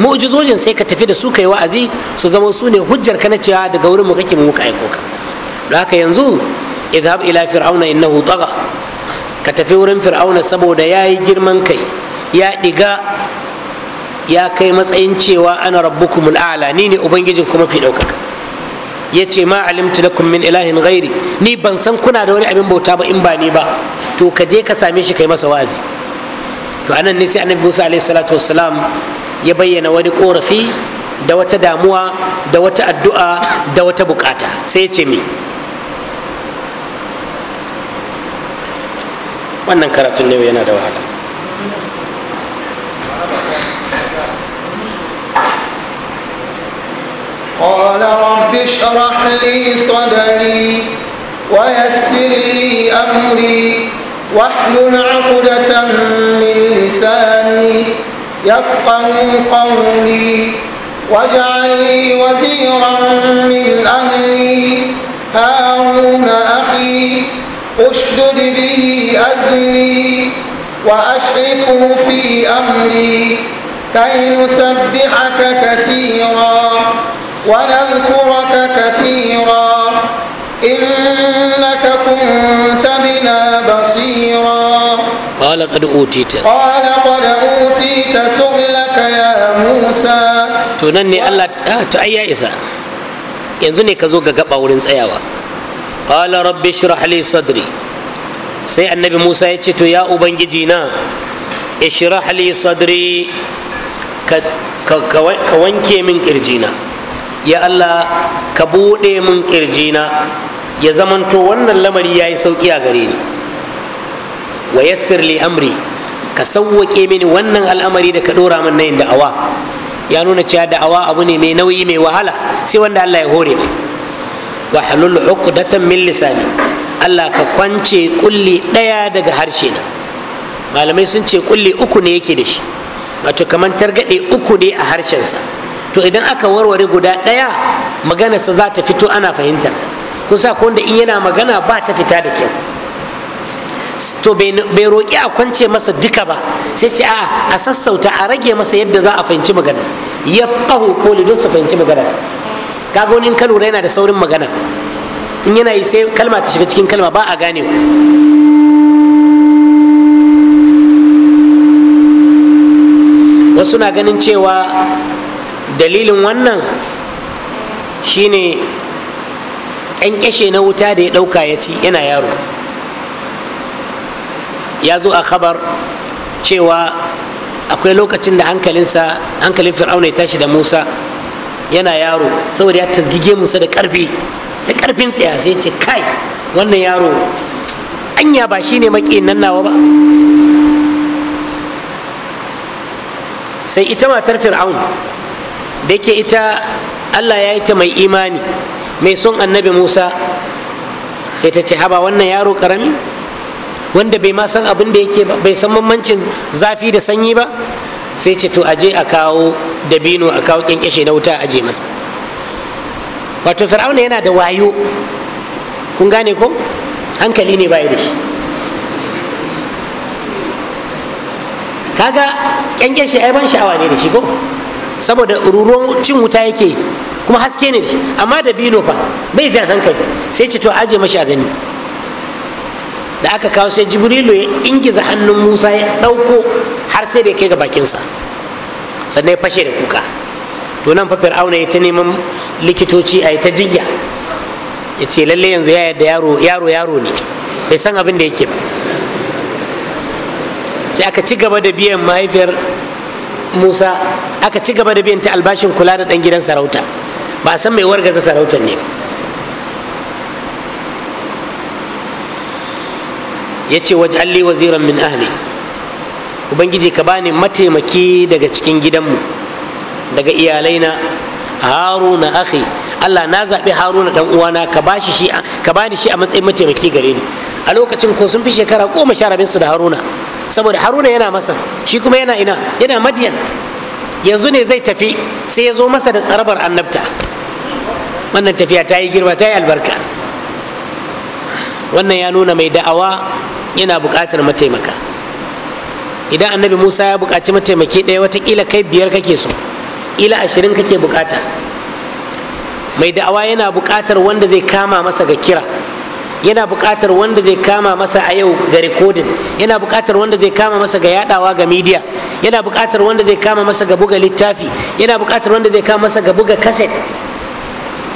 mu'jizojin sai ka tafi da su kai wa'azi su zama su ne hujjar ka na cewa daga wurin mu kake mu muka aiko ka don haka yanzu idhab ila fir'auna innahu tagha ka tafi wurin fir'auna saboda yayi girman kai ya diga ya kai matsayin cewa ana rabbukumul a'la ni ne ubangijin kuma fi daukaka ya ce ma alimtu lakum min ilahin ghairi ni ban san kuna da wani abin bauta ba in ba ni ba to ka je ka same shi kai masa wazi to anan ne sai annabi Musa alaihi salatu wassalam ya bayyana wani korafi da wata damuwa da wata addu'a da wata bukata sai ya ce mi wannan karatun ne yana da wahala قال رب اشرح لي صدري ويسر لي أمري واحلل عقدة من لساني يفقه قولي واجعل لي وزيرا من أهلي هارون أخي اشدد به أزري وأشركه في أمري كي نسبحك كثيرا ونذكرك كثيرا إنك كنت بنا بصيرا قال قد أوتيت قال قد أوتيت سؤلك يا موسى تنني الله تأيى إسا ينزني كزوغ قبع ورنس أيوة قال رب اشرح لي صدري sai annabi musa ya ce to ya ubangiji na ishrah li sadri ka wanke min kirjina ya Allah ka buɗe min ƙirjina ya zamanto wannan lamari ya yi sauƙi a gare ni wa yassir li amri ka sauwaƙe mini wannan al'amari da ka ɗora min na yin da'awa ya nuna cewa da'awa abu ne mai nauyi mai wahala sai wanda Allah ya hore mai wa halul uqdatan min lisani Allah ka kwance kulli ɗaya daga harshe na malamai sun ce kulli uku ne yake da shi wato kamar targaɗe uku ne a harshensa to idan aka warware guda ɗaya maganarsa za ta fito ana fahimtar ta kusa ko wanda in yana magana ba ta fita da kyau to bai roƙi a kwance masa duka ba sai ce a a sassauta a rage masa yadda za a fahimci maganarsa ya fahu koli don su fahimci maganar kaga wani in ka lura yana da saurin magana in yana yi sai kalma ta shiga cikin kalma ba a ku. wasu na ganin cewa dalilin wannan shine ƙyanƙyashe na wuta da ya ɗauka ya ci yana yaro ya zo a khabar cewa akwai lokacin da hankalinsa hankalin fir'auna ya tashi da musa yana yaro saboda ya tasgige musa da karfi da ƙarfin tsaya sai ce kai wannan yaro anya ba shi ne maki nan nawa ba sai ita matar fir'auna da yake ita allah ya yi ta mai imani mai son annabi musa sai ta ce haba wannan yaro karami wanda bai ma san abin da yake bai san mamancin zafi da sanyi ba sai ce to aje a kawo dabino a kawo kyankyashe na wuta aje masa wato fir'auna yana da wayo kun gane ko hankali ne bai da shi kaga kyankyashe ai ban sha'awa ne da shi ko saboda ruruwan cin wuta yake kuma haske ne amma da bino fa bai jan hankali sai ce to aje mashi a gani da aka kawo sai jibrilu ya ingiza hannun musa ya ɗauko har sai da ya kai ga bakinsa sannan ya fashe da kuka to nan fa fir'auna ya ta neman likitoci a ta jinya ya ce lalle yanzu ya yadda yaro yaro yaro ne bai san abin da yake ba sai aka ci gaba da biyan mahaifiyar musa aka ci gaba da biyan ta albashin kula da dan gidan sarauta ba a san mai wargaza sarautar ne ya ce waje alli waziran min ahli ubangiji ka bani mataimaki daga cikin gidanmu daga iyalaina haruna akhi allah na zaɓi haruna dan uwana ka bani shi a matsayin mataimaki gare ni a lokacin ko sun fi shekara goma sha rabinsu da haruna saboda haruna yana masa shi kuma yana ina yana madiyan yanzu ne zai tafi sai ya zo masa da tsarabar annabta wannan tafiya ta yi girma ta yi albarka wannan ya nuna mai da'awa yana buƙatar mataimaka idan annabi musa ya buƙaci mataimaki ɗaya watakila kai biyar kake so ila ashirin kake buƙata mai da'awa yana buƙatar wanda zai kama masa ga kira yana buƙatar wanda zai kama masa a yau ga rikodin yana buƙatar wanda zai kama masa ga yadawa ga midiya yana buƙatar wanda zai kama masa ga buga littafi yana buƙatar wanda zai kama masa ga buga kaset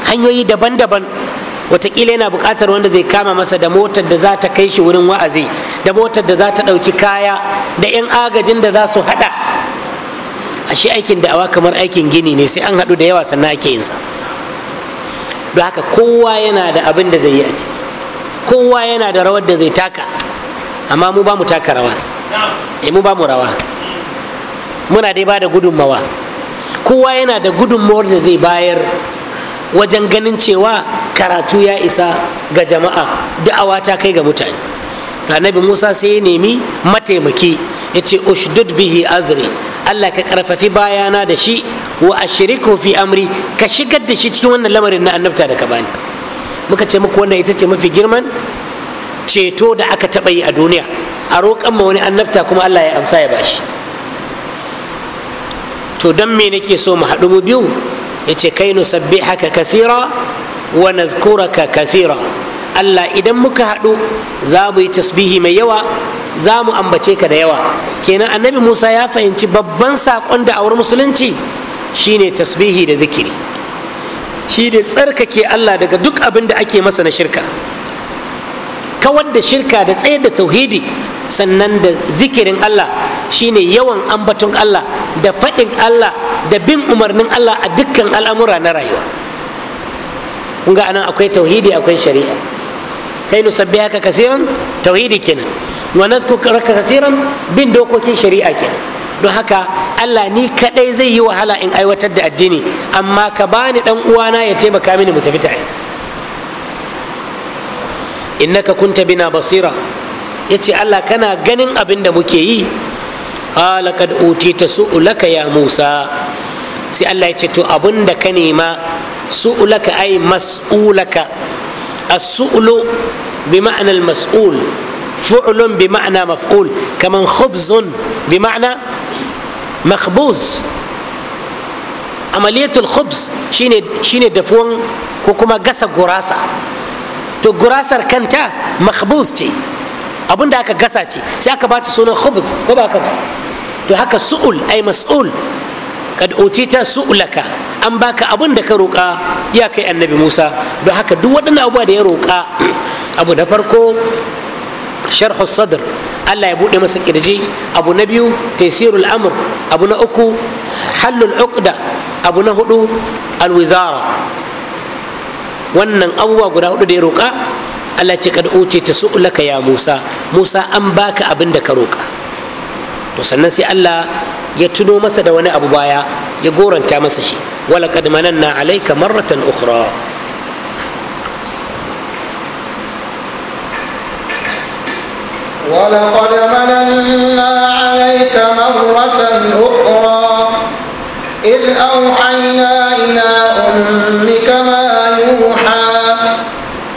hanyoyi daban-daban watakila yana buƙatar wanda zai kama masa da motar da za ta kai shi wurin wa'azi da motar da za ta ɗauki kaya da 'yan agajin da za su haɗa shi aikin da awa kamar aikin gini ne sai an haɗu da yawa sannan ake yinsa don haka kowa yana da abin da zai yi a ciki kowa yana da rawar da zai taka amma mu ba mu taka rawa e mu ba mu rawa muna dai ba da gudunmawa kowa yana da gudunmawar da zai bayar wajen ganin cewa karatu ya isa ga jama'a da'awa ta kai ga mutane annabi musa sai ya nemi mataimaki ya ce ushdud bihi azri allah ka karfafi bayana da shi wa ashiriku fi amri ka shigar da shi cikin wannan lamarin na annabta da ka bani muka ce muku wannan ita ce mafi girman ceto da aka taɓa yi a duniya a roƙan ma wani annabta kuma allah ya amsa ya bashi to don me nake so mu haɗu mu biyu ya ce kai nu sabbi haka kasira wa nazkuraka kasira allah idan muka haɗu za mu yi tasbihi mai yawa za mu ambace ka da yawa kenan annabi musa ya fahimci babban saƙon da awar musulunci shine tasbihi da zikiri shi ne tsarkake Allah daga duk abin da ake masa na shirka kawar da shirka da tsayar da tauhidi sannan da zikirin Allah shine yawan ambaton Allah da faɗin Allah da bin umarnin Allah a dukkan al'amura na rayuwa kun ga anan akwai tauhidi akwai shari'a kai nusabbi haka kasiran tauhidi kenan wa nazkuka kasiran bin dokokin shari'a kenan don haka allah ni kadai zai yi wahala in aiwatar da addini amma ka bani dan uwana ya taimaka mini mu tafi tare innaka kunta bina basira yace allah kana ganin abin da muke yi qala ah, kad utita su'laka ya musa sai allah ya ce to abin da ka nema su'laka ai mas'ulaka as-su'lu bi ma'anar mas'ul فعل بمعنى مفعول كمان خبز بمعنى مخبوز amaliyatul khubs shine shine dafuwan ko kuma gasa gurasa to gurasar kanta makhbuz ce abinda aka gasa ce sai aka bata sunan khubs ko ba ka to haka su'ul ay mas'ul kad utita su'laka an baka abin da ka roƙa ya kai annabi Musa don haka duk waɗannan abubuwa da ya roƙa abu na farko sharhu sadr Allah ya buɗe masa kirji abu na biyu taysirul amr abu na uku hallul uqda abu na hudu alwizara wannan abubuwa guda hudu da ya roƙa Allah ce kad uce ta su'laka ya Musa Musa an baka abin da ka roƙa to sannan sai Allah ya tuno masa da wani abu baya ya goranta masa shi wala na mananna alayka marratan ukhra ولقد مننا عليك مرة أخرى إذ أوحينا إلى أمك ما يوحى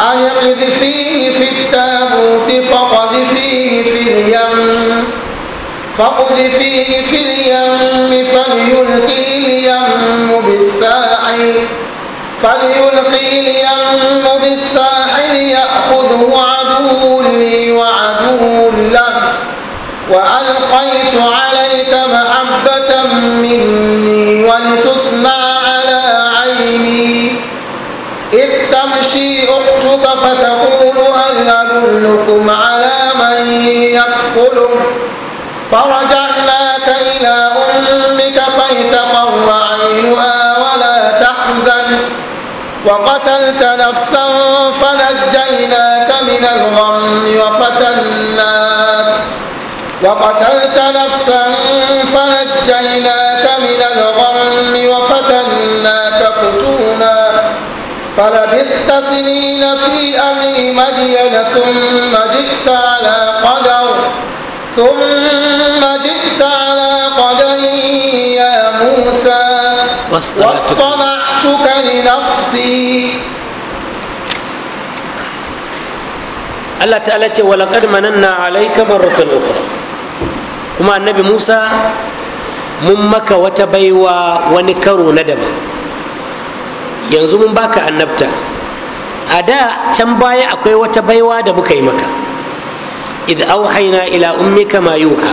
أن اقذفيه في التابوت فيه في اليم فاقذفيه في اليم فليلقي اليم بالساحل فليلقي اليم بالساحل يأخذه لي وعدو له وألقيت عليك محبة مني ولتصنع على عيني إذ تمشي أختك فتقول هل أدلكم على من يكفله فرجعناك إلى أمك فيتقر عينها ولا تحزن وقتلت نفسا فنجيناك من الغم وفتناك وقتلت نفسا فنجيناك من الغم وفتناك فتونا فلبثت سنين في أهل مدين ثم جئت على قدر ثم جئت على قدر يا موسى واصطنعتك لنفسي Allah ta'ala ce wa laqad mananna alayka marratan ukhra kuma annabi Musa mun maka wata baiwa wani karo na daban yanzu mun baka annabta a da can baya akwai wata baiwa da muka yi maka id auhayna ila ummika ma yuha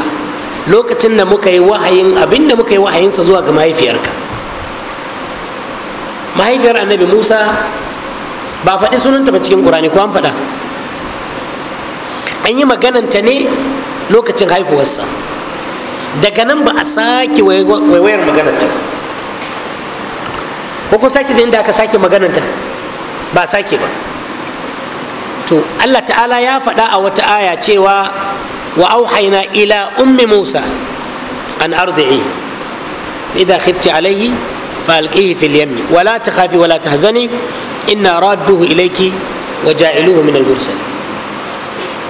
lokacin da muka yi wahayin abinda muka yi wahayinsa zuwa ga mahaifiyarka mahaifiyar annabi Musa ba faɗi sunanta ba cikin ƙurani ko an faɗa an yi magananta ne lokacin haifuwarsa daga nan ba a sake waiwayar magananta ko kun sake zai da aka sake magananta ba sake ba to allah ta'ala ya faɗa a wata aya cewa wa auhaina ila ummi musa an ardi'i idha khifti alayhi فألقيه في اليم ولا تخافي ولا تحزني إنا رادوه إليك وجاعلوه من المرسلين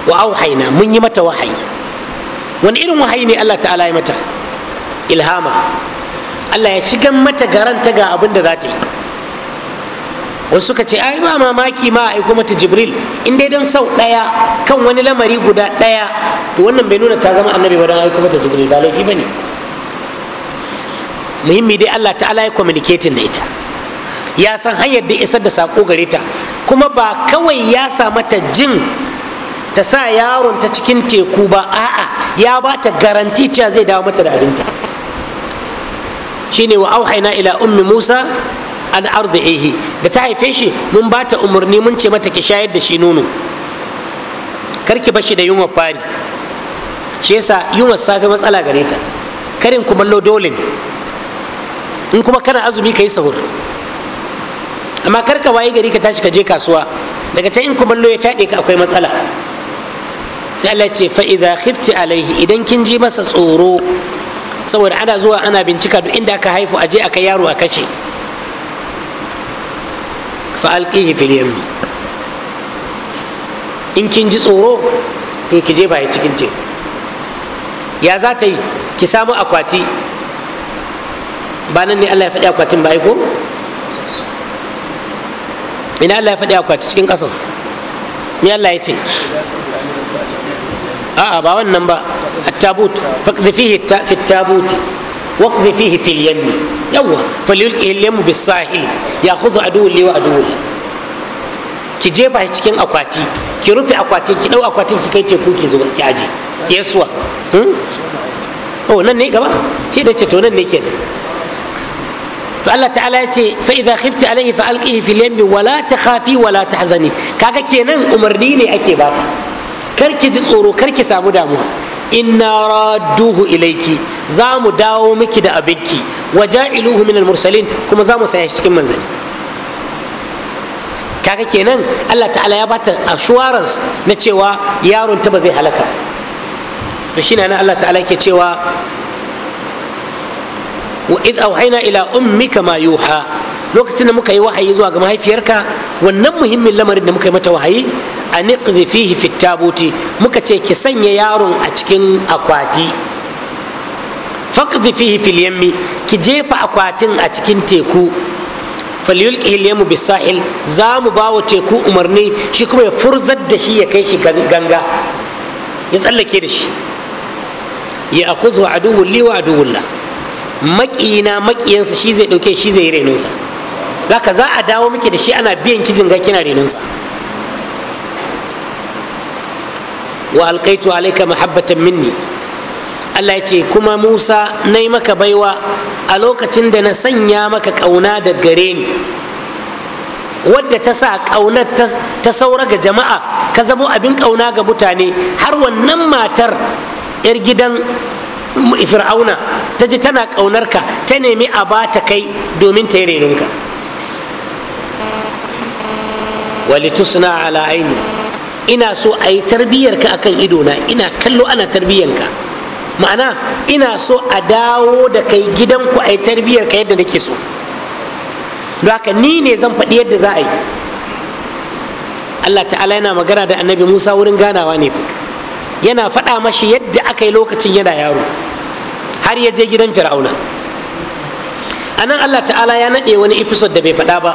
wa auhaina mun yi mata wahayi wani irin wahayi ne Allah ta'ala ya mata ilhama Allah ya shigan mata garanta ga abin da za ta yi wasu suka ce ai ba mamaki ma ai kuma ta jibril in dai dan sau daya kan wani lamari guda daya to wannan bai nuna ta zama annabi ba dan ai kuma ta jibril ba laifi bane muhimmi dai Allah ta'ala ya communicating da ita ya san hanyar da isar da sako gare ta kuma ba kawai ya sa mata jin ta sa yaron ta cikin teku ba a'a ya ba ta garanti cewa zai dawo mata da abinta shine wa auhaina ila ummi musa an ardihi da ta haife shi mun ba ta umarni mun ce mata ki shayar da shi nono karki bashi da yunwa fari shi yasa yunwa safe matsala gare ta karin kumallo dole ne in kuma kana azumi ka yi sahur amma karka waye gari ka tashi ka je kasuwa daga ta in kumallo ya fyaɗe ka akwai matsala sai Allah ce fa idza khifti alaihi idan kin ji masa tsoro saboda ana zuwa ana bincika duk inda aka haifu aje aka yaro a kashe fa alqihi fil yammi in kin ji tsoro to ki je baya cikin teku ya za ta yi ki samu akwati ba nan ne Allah ya faɗi akwatin bai ko ina Allah ya faɗi akwati cikin ƙasas me Allah ya ce اه, آه، بابا التابوت فقد فيه التا في التابوت واقض فيه في اليم يوه فليلقي اليم بالساحل ياخذ عدو لي وعدو لي كي جيبا هيكين اكواتي كي روبي اكواتي كي دو اكواتي كي كاي تيكو كي زو كي اجي كي يسوا هم او نان ني غبا شي دتي تو نان ني كين الله تعالى يتي فاذا خفت عليه فالقيه في اليم ولا تخافي ولا تحزني كاكا كينن عمرني ني اكي بابا karki ji tsoro karki samu damuwa inna radduhu ilaiki za mu dawo miki da abinki wa ja'iluhu al mursalin kuma za mu saya shi cikin manzanni kaga kenan Allah ta'ala ya bata assurance na cewa yaron ta ba zai halaka shi na Allah ta'ala yake cewa wa id awhayna ila ummika ma yuha lokacin da muka yi wahayi zuwa ga mahaifiyarka wannan muhimmin lamarin da muka yi mata wahayi a niƙzi fihi fitabuti muka ce ki sanya yaron a cikin akwati faƙzi fihi fil ki jefa akwatin a cikin teku falyulqi al-yamu bisahil za mu ba wa teku umarni shi kuma ya furzar da shi ya kai shi ganga ya tsallake da shi ya akhudhu a li wa aduwwun la maƙina maƙiyansa shi zai ɗauke shi zai renonsa za a dawo muke da shi ana biyan kijin ga kina renonsa wa alkaitu alaika mahabbatan minni Allah ya ce kuma Musa na yi maka baiwa a lokacin da na sanya maka ƙauna da gare ni wadda ta sa ƙaunar ta saura ga jama'a ka zamo abin ƙauna ga mutane har wannan matar 'yar gidan fir'auna ta ji tana ƙaunarka ta nemi a ba ta kai domin ta yi renonka walitusna ala aini ina so a yi tarbiyyarka akan idona ina kallo ana tarbiyyanka ma'ana ina so a dawo da kai gidanku a yi tarbiyyarka yadda nake so don haka ni ne zan faɗi yadda za a yi allah ta'ala yana magana da annabi musa wurin ganawa ne yana faɗa mashi yadda aka yi lokacin yana yaro har ya je gidan fir'auna anan allah ta'ala ya naɗe wani episode da bai faɗa ba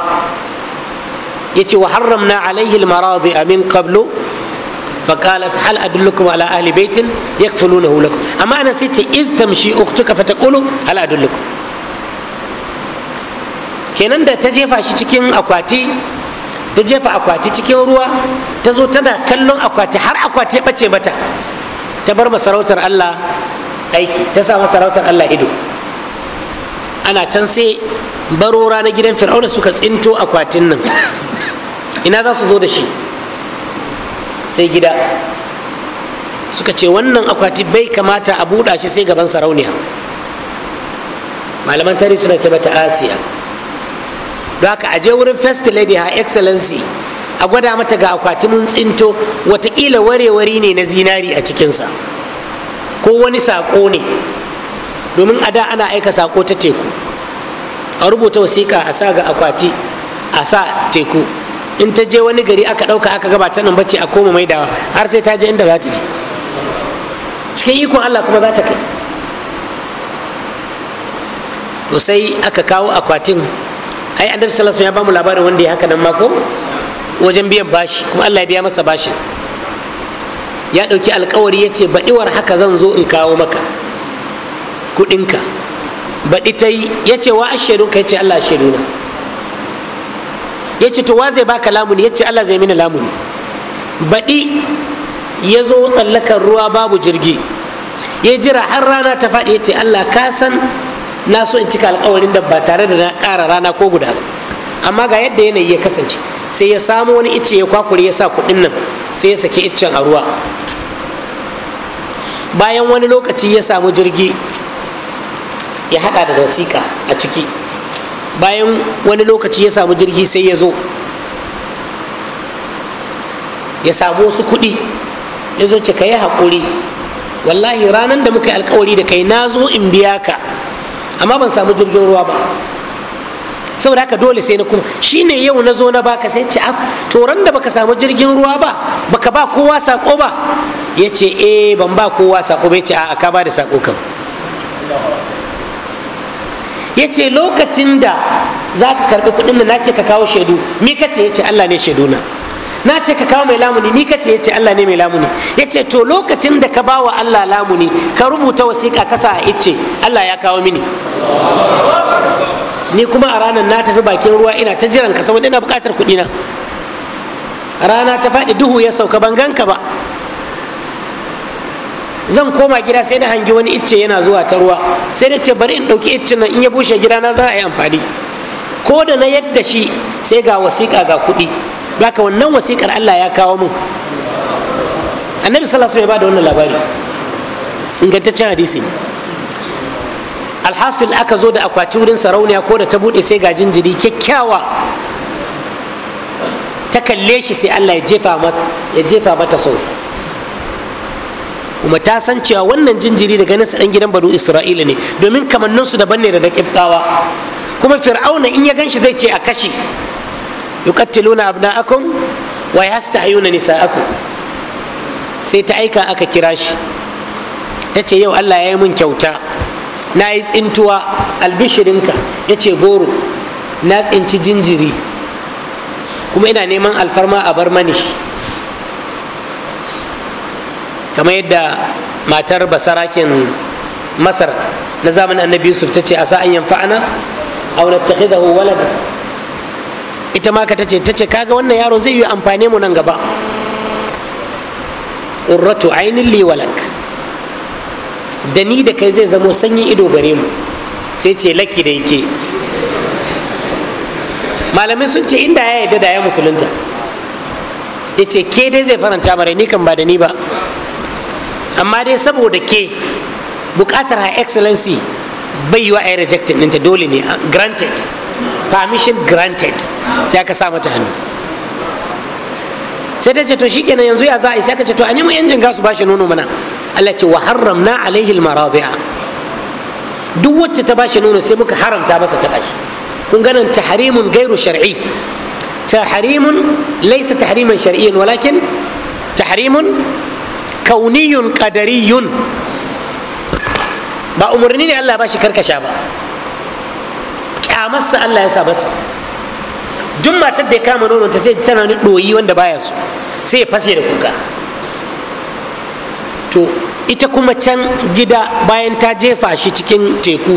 yace wa harramna alaihi almaradi min qablu فقالت هل ادلكم على اهل بيت يكفلونه لكم اما انا سيتي اذ تمشي اختك فتقول هل ادلكم kenan da ta jefa shi cikin akwati ta jefa akwati cikin ruwa ta zo tana kallon akwati har akwati ya bace mata ta bar masarautar Allah aiki ta sa masarautar Allah ido ana can sai baro na gidan fir'auna suka tsinto akwatin nan ina za su zo da shi sai gida suka ce wannan akwati bai kamata a buɗa shi sai gaban sarauniya malaman tarihi suna ce mata asiya don haka je wurin first lady her excellency a gwada mata ga akwati mun tsinto watakila warewari ne na zinari a cikinsa ko wani saƙo ne domin a da ana aika saƙo ta teku a rubuta wasiƙa a sa ga akwati a sa teku in ta je wani gari aka ɗauka aka gaba ta nan bace a koma maidawa har sai ta je inda za ta je cikin ikon allah kuma za ta kai to sai aka kawo akwatin ai annabi sallallahu ya bamu labarin wanda ya haka nan mako wajen biyan bashi kuma Allah ya biya masa bashin ya ɗauki alkawari ya ce baɗiwar haka zan zo in kawo maka kuɗinka baɗi ta yi ya ce wa ashe ka ya ce Allah asheduna ya ce to wa zai baka lamuni ya ce allah zai mini lamuni baɗi ya zo tsallakar ruwa babu jirgi ya jira har rana ta faɗi ya ce allah ka san na so in cika alkawarin da ba tare da na ƙara rana ko guda ba amma ga yadda yanayi ya kasance sai ya samu wani icce ya kwakure ya sa kuɗin nan sai ya saki iccen a ruwa bayan wani lokaci ya samu jirgi ya haɗa da wasiƙa a ciki bayan wani lokaci ya samu jirgi sai ya zo ya samu wasu kuɗi ya zo ce ka yi haƙuri wallahi ranar da muka yi alkawari da kai na zo in biya ka amma ban samu jirgin ruwa ba saboda haka dole sai na kuma shine yau na zo na baka sai ce af to da baka samu jirgin ruwa ba baka ba kowa sako ba ya ce eh ban ba kowa sako ba ya ce a'a ka ba da sako kam ya ce lokacin da za ka karɓi kuɗin na ce ka kawo shaidu mi ka ce ya ce allah ne shaiduna na ce ka kawo mai lamuni mi ka ce ya ce allah ne mai lamuni ya ce to lokacin da ka bawa allah lamuni ka rubuta wasiƙa kasa a ice allah ya kawo mini ni kuma a ranar na tafi bakin ruwa ina ta jiran ka saboda ina buƙatar kuɗina rana ta faɗi duhu ya sauka ban ganka ba zan koma gida sai na hangi wani icce yana zuwa ta ruwa sai na ce bari in ɗauki icce nan in ya bushe gida na za a yi amfani ko da na yadda shi sai ga wasiƙa ga kuɗi ka wannan wasiƙar Allah ya kawo min annabi sallallahu alaihi wasallam ya bada wannan labari ingantaccen hadisi ne alhasil aka zo da akwati wurin sarauniya ko da ta bude sai ga jinjiri kyakkyawa ta kalle shi sai Allah ya jefa mata ya jefa mata sosai kuma ta san cewa wannan jinjiri da ganin sa dan gidan isra'ila ne domin kamannin su daban ne da da kuma fir'auna in ya gan shi zai ce a kashe yuqattiluna abna'akum wa nisa nisa'akum sai ta aika aka kira shi ta ce yau Allah ya yi mun kyauta na yi tsintuwa albishirinka ya ce goro na tsinci jinjiri kuma ina neman alfarma a bar mani shi kamar yadda matar basarakin masar na zamanin annabi yusuf ta ce a sa'an yan fa'ana da nattakhidahu walada ita ma ka ta ce kaga wannan yaro zai yi amfani mu nan gaba urratu ainin li da ni da kai zai zamo sanyin ido gare mu sai ce laki da yake malamin sun ce inda ya yi da ya musulunta ya ce ke dai zai faranta mara ni kan ba da ni ba amma dai saboda ke bukatar her excellency bai wa a yi rejected ɗinta dole ne granted permission granted sai aka sa mata hannu sai ta ce to shikenan yanzu ya za a yi sai aka ce to a nemo yan jinga su bashi nono mana Allah ce wa haramna alaihi almaradi'a duk wacce ta bashi nono sai muka haramta masa ta bashi kun ganin tahrimun gairu shar'i tahrimun laysa tahriman shar'iyyan walakin tahrimun kauniyun kadariyun ba umarni ne Allah ba shi karkasha ba kyamarsa Allah ya sa masa duk matar da ya kama nonon ta sai tana ni doyi wanda baya su sai ya fashe da kuka to ita kuma can gida bayan ta jefa shi cikin teku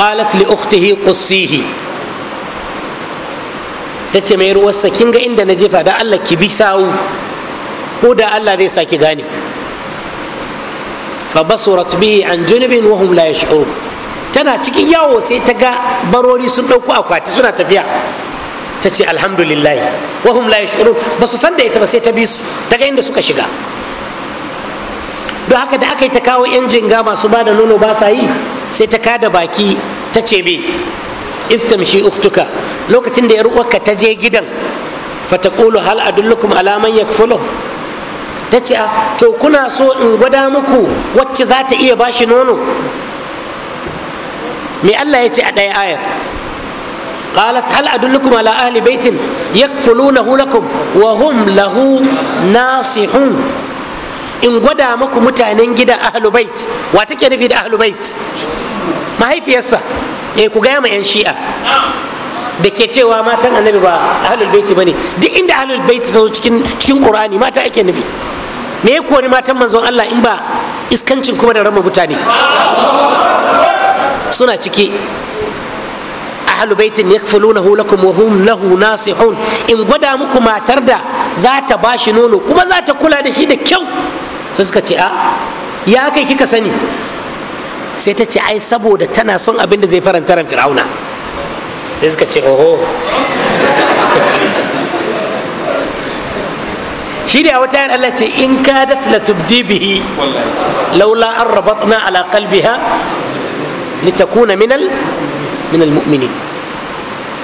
qalat li ukhtihi qussihi tace mai ruwarsa kin ga inda na jefa da Allah ki bi sawu ko da Allah zai saki gane fabasurat bihi an junubin wa hum la yash'urun tana cikin yawo sai ta ga barori sun ɗauko akwati suna tafiya ta ce alhamdulillahi wa hum la yash'urun ba su san da ita ba sai ta bi su ta ga inda suka shiga don haka da aka yi ta kawo yan jinga masu ba da nono ba sa yi sai ta kada baki ta ce me istamshi uktuka lokacin da yar uwarka ta je gidan fatakulu hal adullukum ala man ta ce a ah, to kuna so in gwada muku wacce za ta iya bashi nono me Allah ya ce a ɗaya ayar قالت هل أدلكم على أهل بيت يكفلونه لكم وهم in gwada maku mutanen gida ahlu bait wa take nufi da ahli bait mahaifiyarsa eh ku gaya ma 'yan shi'a da ke cewa matan annabi ba ahlul baiti bane duk inda ahlul baiti zo cikin cikin qur'ani mata ake nufi me ya kori matan manzon Allah in ba iskancin kuma da rama mutane suna ciki ahlul baitin yakfulunahu lakum wa hum lahu nasihun in gwada muku matar da za ta bashi nono kuma za ta kula da shi da kyau sai suka ce a ya kai kika sani sai ta ce ai saboda tana son abin da zai faranta ran fir'auna sai suka ce oho shi ne a wata yin Allah ce in kadat la tubdi bihi laula an rabatna ala qalbiha litakuna minal minal mu'minin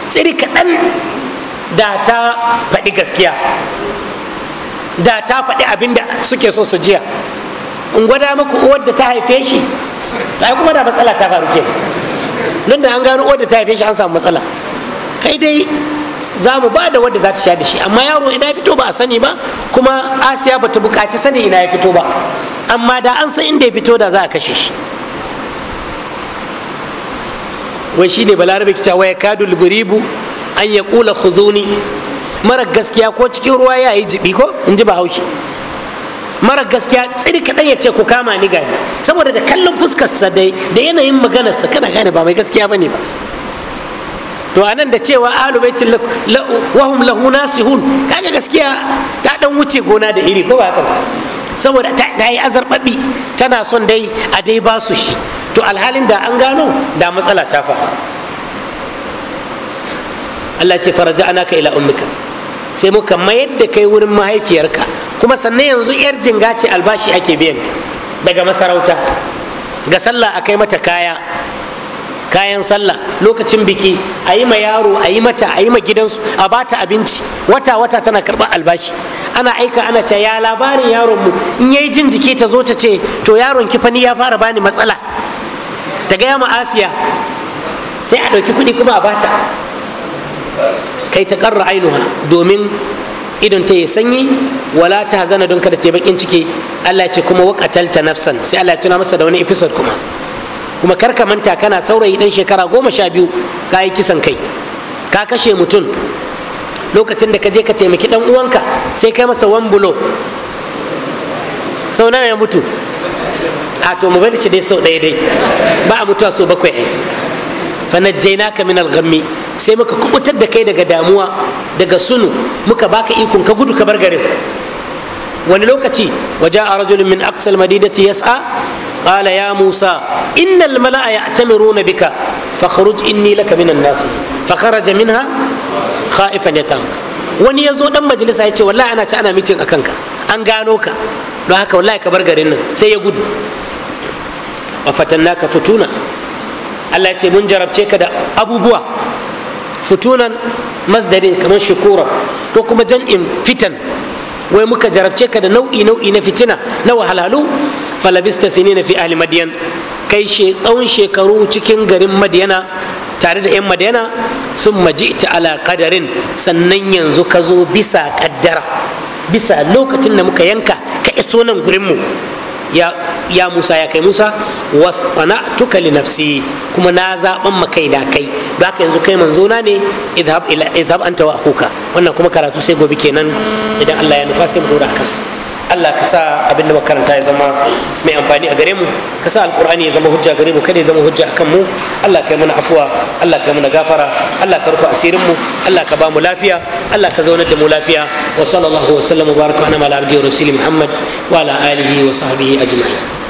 tsiri kaɗan da ta faɗi gaskiya da ta faɗi abin da suke so su jiya in gwada muku uwar da ta haife shi da kuma da matsala ta faru ke don da an gano wadda ta haife shi an samu matsala kai dai za mu ba da wadda za ta sha da shi amma yaro ina ya fito ba a sani ba kuma asiya ba ta bukaci sani ina ya fito ba amma da an san inda ya fito da za a kashe shi wai shi ne balarabe kita waya kadul liburibu an ya kula khuzuni mara gaskiya ko cikin ruwa ya yi jibi ko in ji bahaushe mara gaskiya tsiri kaɗan ya ce ku kama ni gani saboda da kallon fuskarsa dai da yanayin maganarsa kana gane ba mai gaskiya ba ne ba to a nan da cewa alu cin wahum lahu nasihun kaga gaskiya ta dan wuce gona da iri ko ba haka saboda ta yi azarbaɓi tana son dai a dai ba su shi to alhalin da an gano da matsala ta fa Allah ce faraja anaka ila ummika sai muka mayar da kai wurin mahaifiyarka kuma sannan yanzu yar jinga ce albashi ake biyanta daga masarauta ga sallah a kai mata kaya kayan sallah lokacin biki a yi ma yaro a yi mata a yi ma gidansu a bata abinci wata wata tana karɓar albashi ana aika ana ce ya labarin yaron mu in yayi jin jiki ta zo ta ce to yaron ki fani ya fara bani matsala ta gaya ma asiya sai a ɗauki kuɗi kuma a bata kai ta karra ainuha domin idon ta yi sanyi wala ta hazana don kada ta bakin ciki Allah ce kuma ta nafsan sai Allah ya tuna masa da wani episode kuma kuma kar ka manta kana saurayi dan shekara goma sha biyu ka yi kisan kai ka kashe mutum lokacin da ka je ka taimaki dan uwanka sai kai masa wan bulo sau nawa ya mutu a to mu bar shi dai sau ɗaya dai ba a mutuwa sau bakwai fa najjaynaka min sai muka kubutar da kai daga damuwa daga sunu muka baka ikon ka gudu ka bar garin wani lokaci waje a rajulun min aksal madinati yas'a qala ya musa innal mala'a ya'tamiruna bika fakhruj inni laka min an-nas fa kharaja minha khaifan yatalqa wani yazo dan majalisa yace wallahi ana ci ana mitin akan ka an gano ka don haka wallahi ka bar garin nan sai ya gudu wa fatannaka futuna Allah ce mun jarabce ka da abubuwa futunan mazdarin kamar shukura ko kuma jam'in fitan wai muka jarabce ka da nau'i nau'i na fitina na wahalhalu falabista na fi ahli madiyan kai tsawon shekaru cikin garin madiyana tare da 'yan madiyana sun maji'ta ala kadarin sannan yanzu ka zo bisa kaddara bisa lokacin da muka yanka ka iso nan gurinmu ya musa ya kai musa wasana'tuka li nafsi kuma na zaban makai da kai ba haka yanzu kai manzo na ne idhab ila anta wa wannan kuma karatu sai gobe kenan idan Allah ya nufa sai mu dora kansa Allah ka sa abin da makaranta ya zama mai amfani a gare mu ka sa alkur'ani ya zama hujja gare mu kada ya zama hujja akan mu Allah ka yi mana afuwa Allah ka yi mana gafara Allah ka rufe asirin mu Allah ka ba mu lafiya Allah ka zaunar da mu lafiya wa sallallahu wa sallam baraka ala abdihi wa rasuli Muhammad wa ala alihi wa sahbihi ajma'in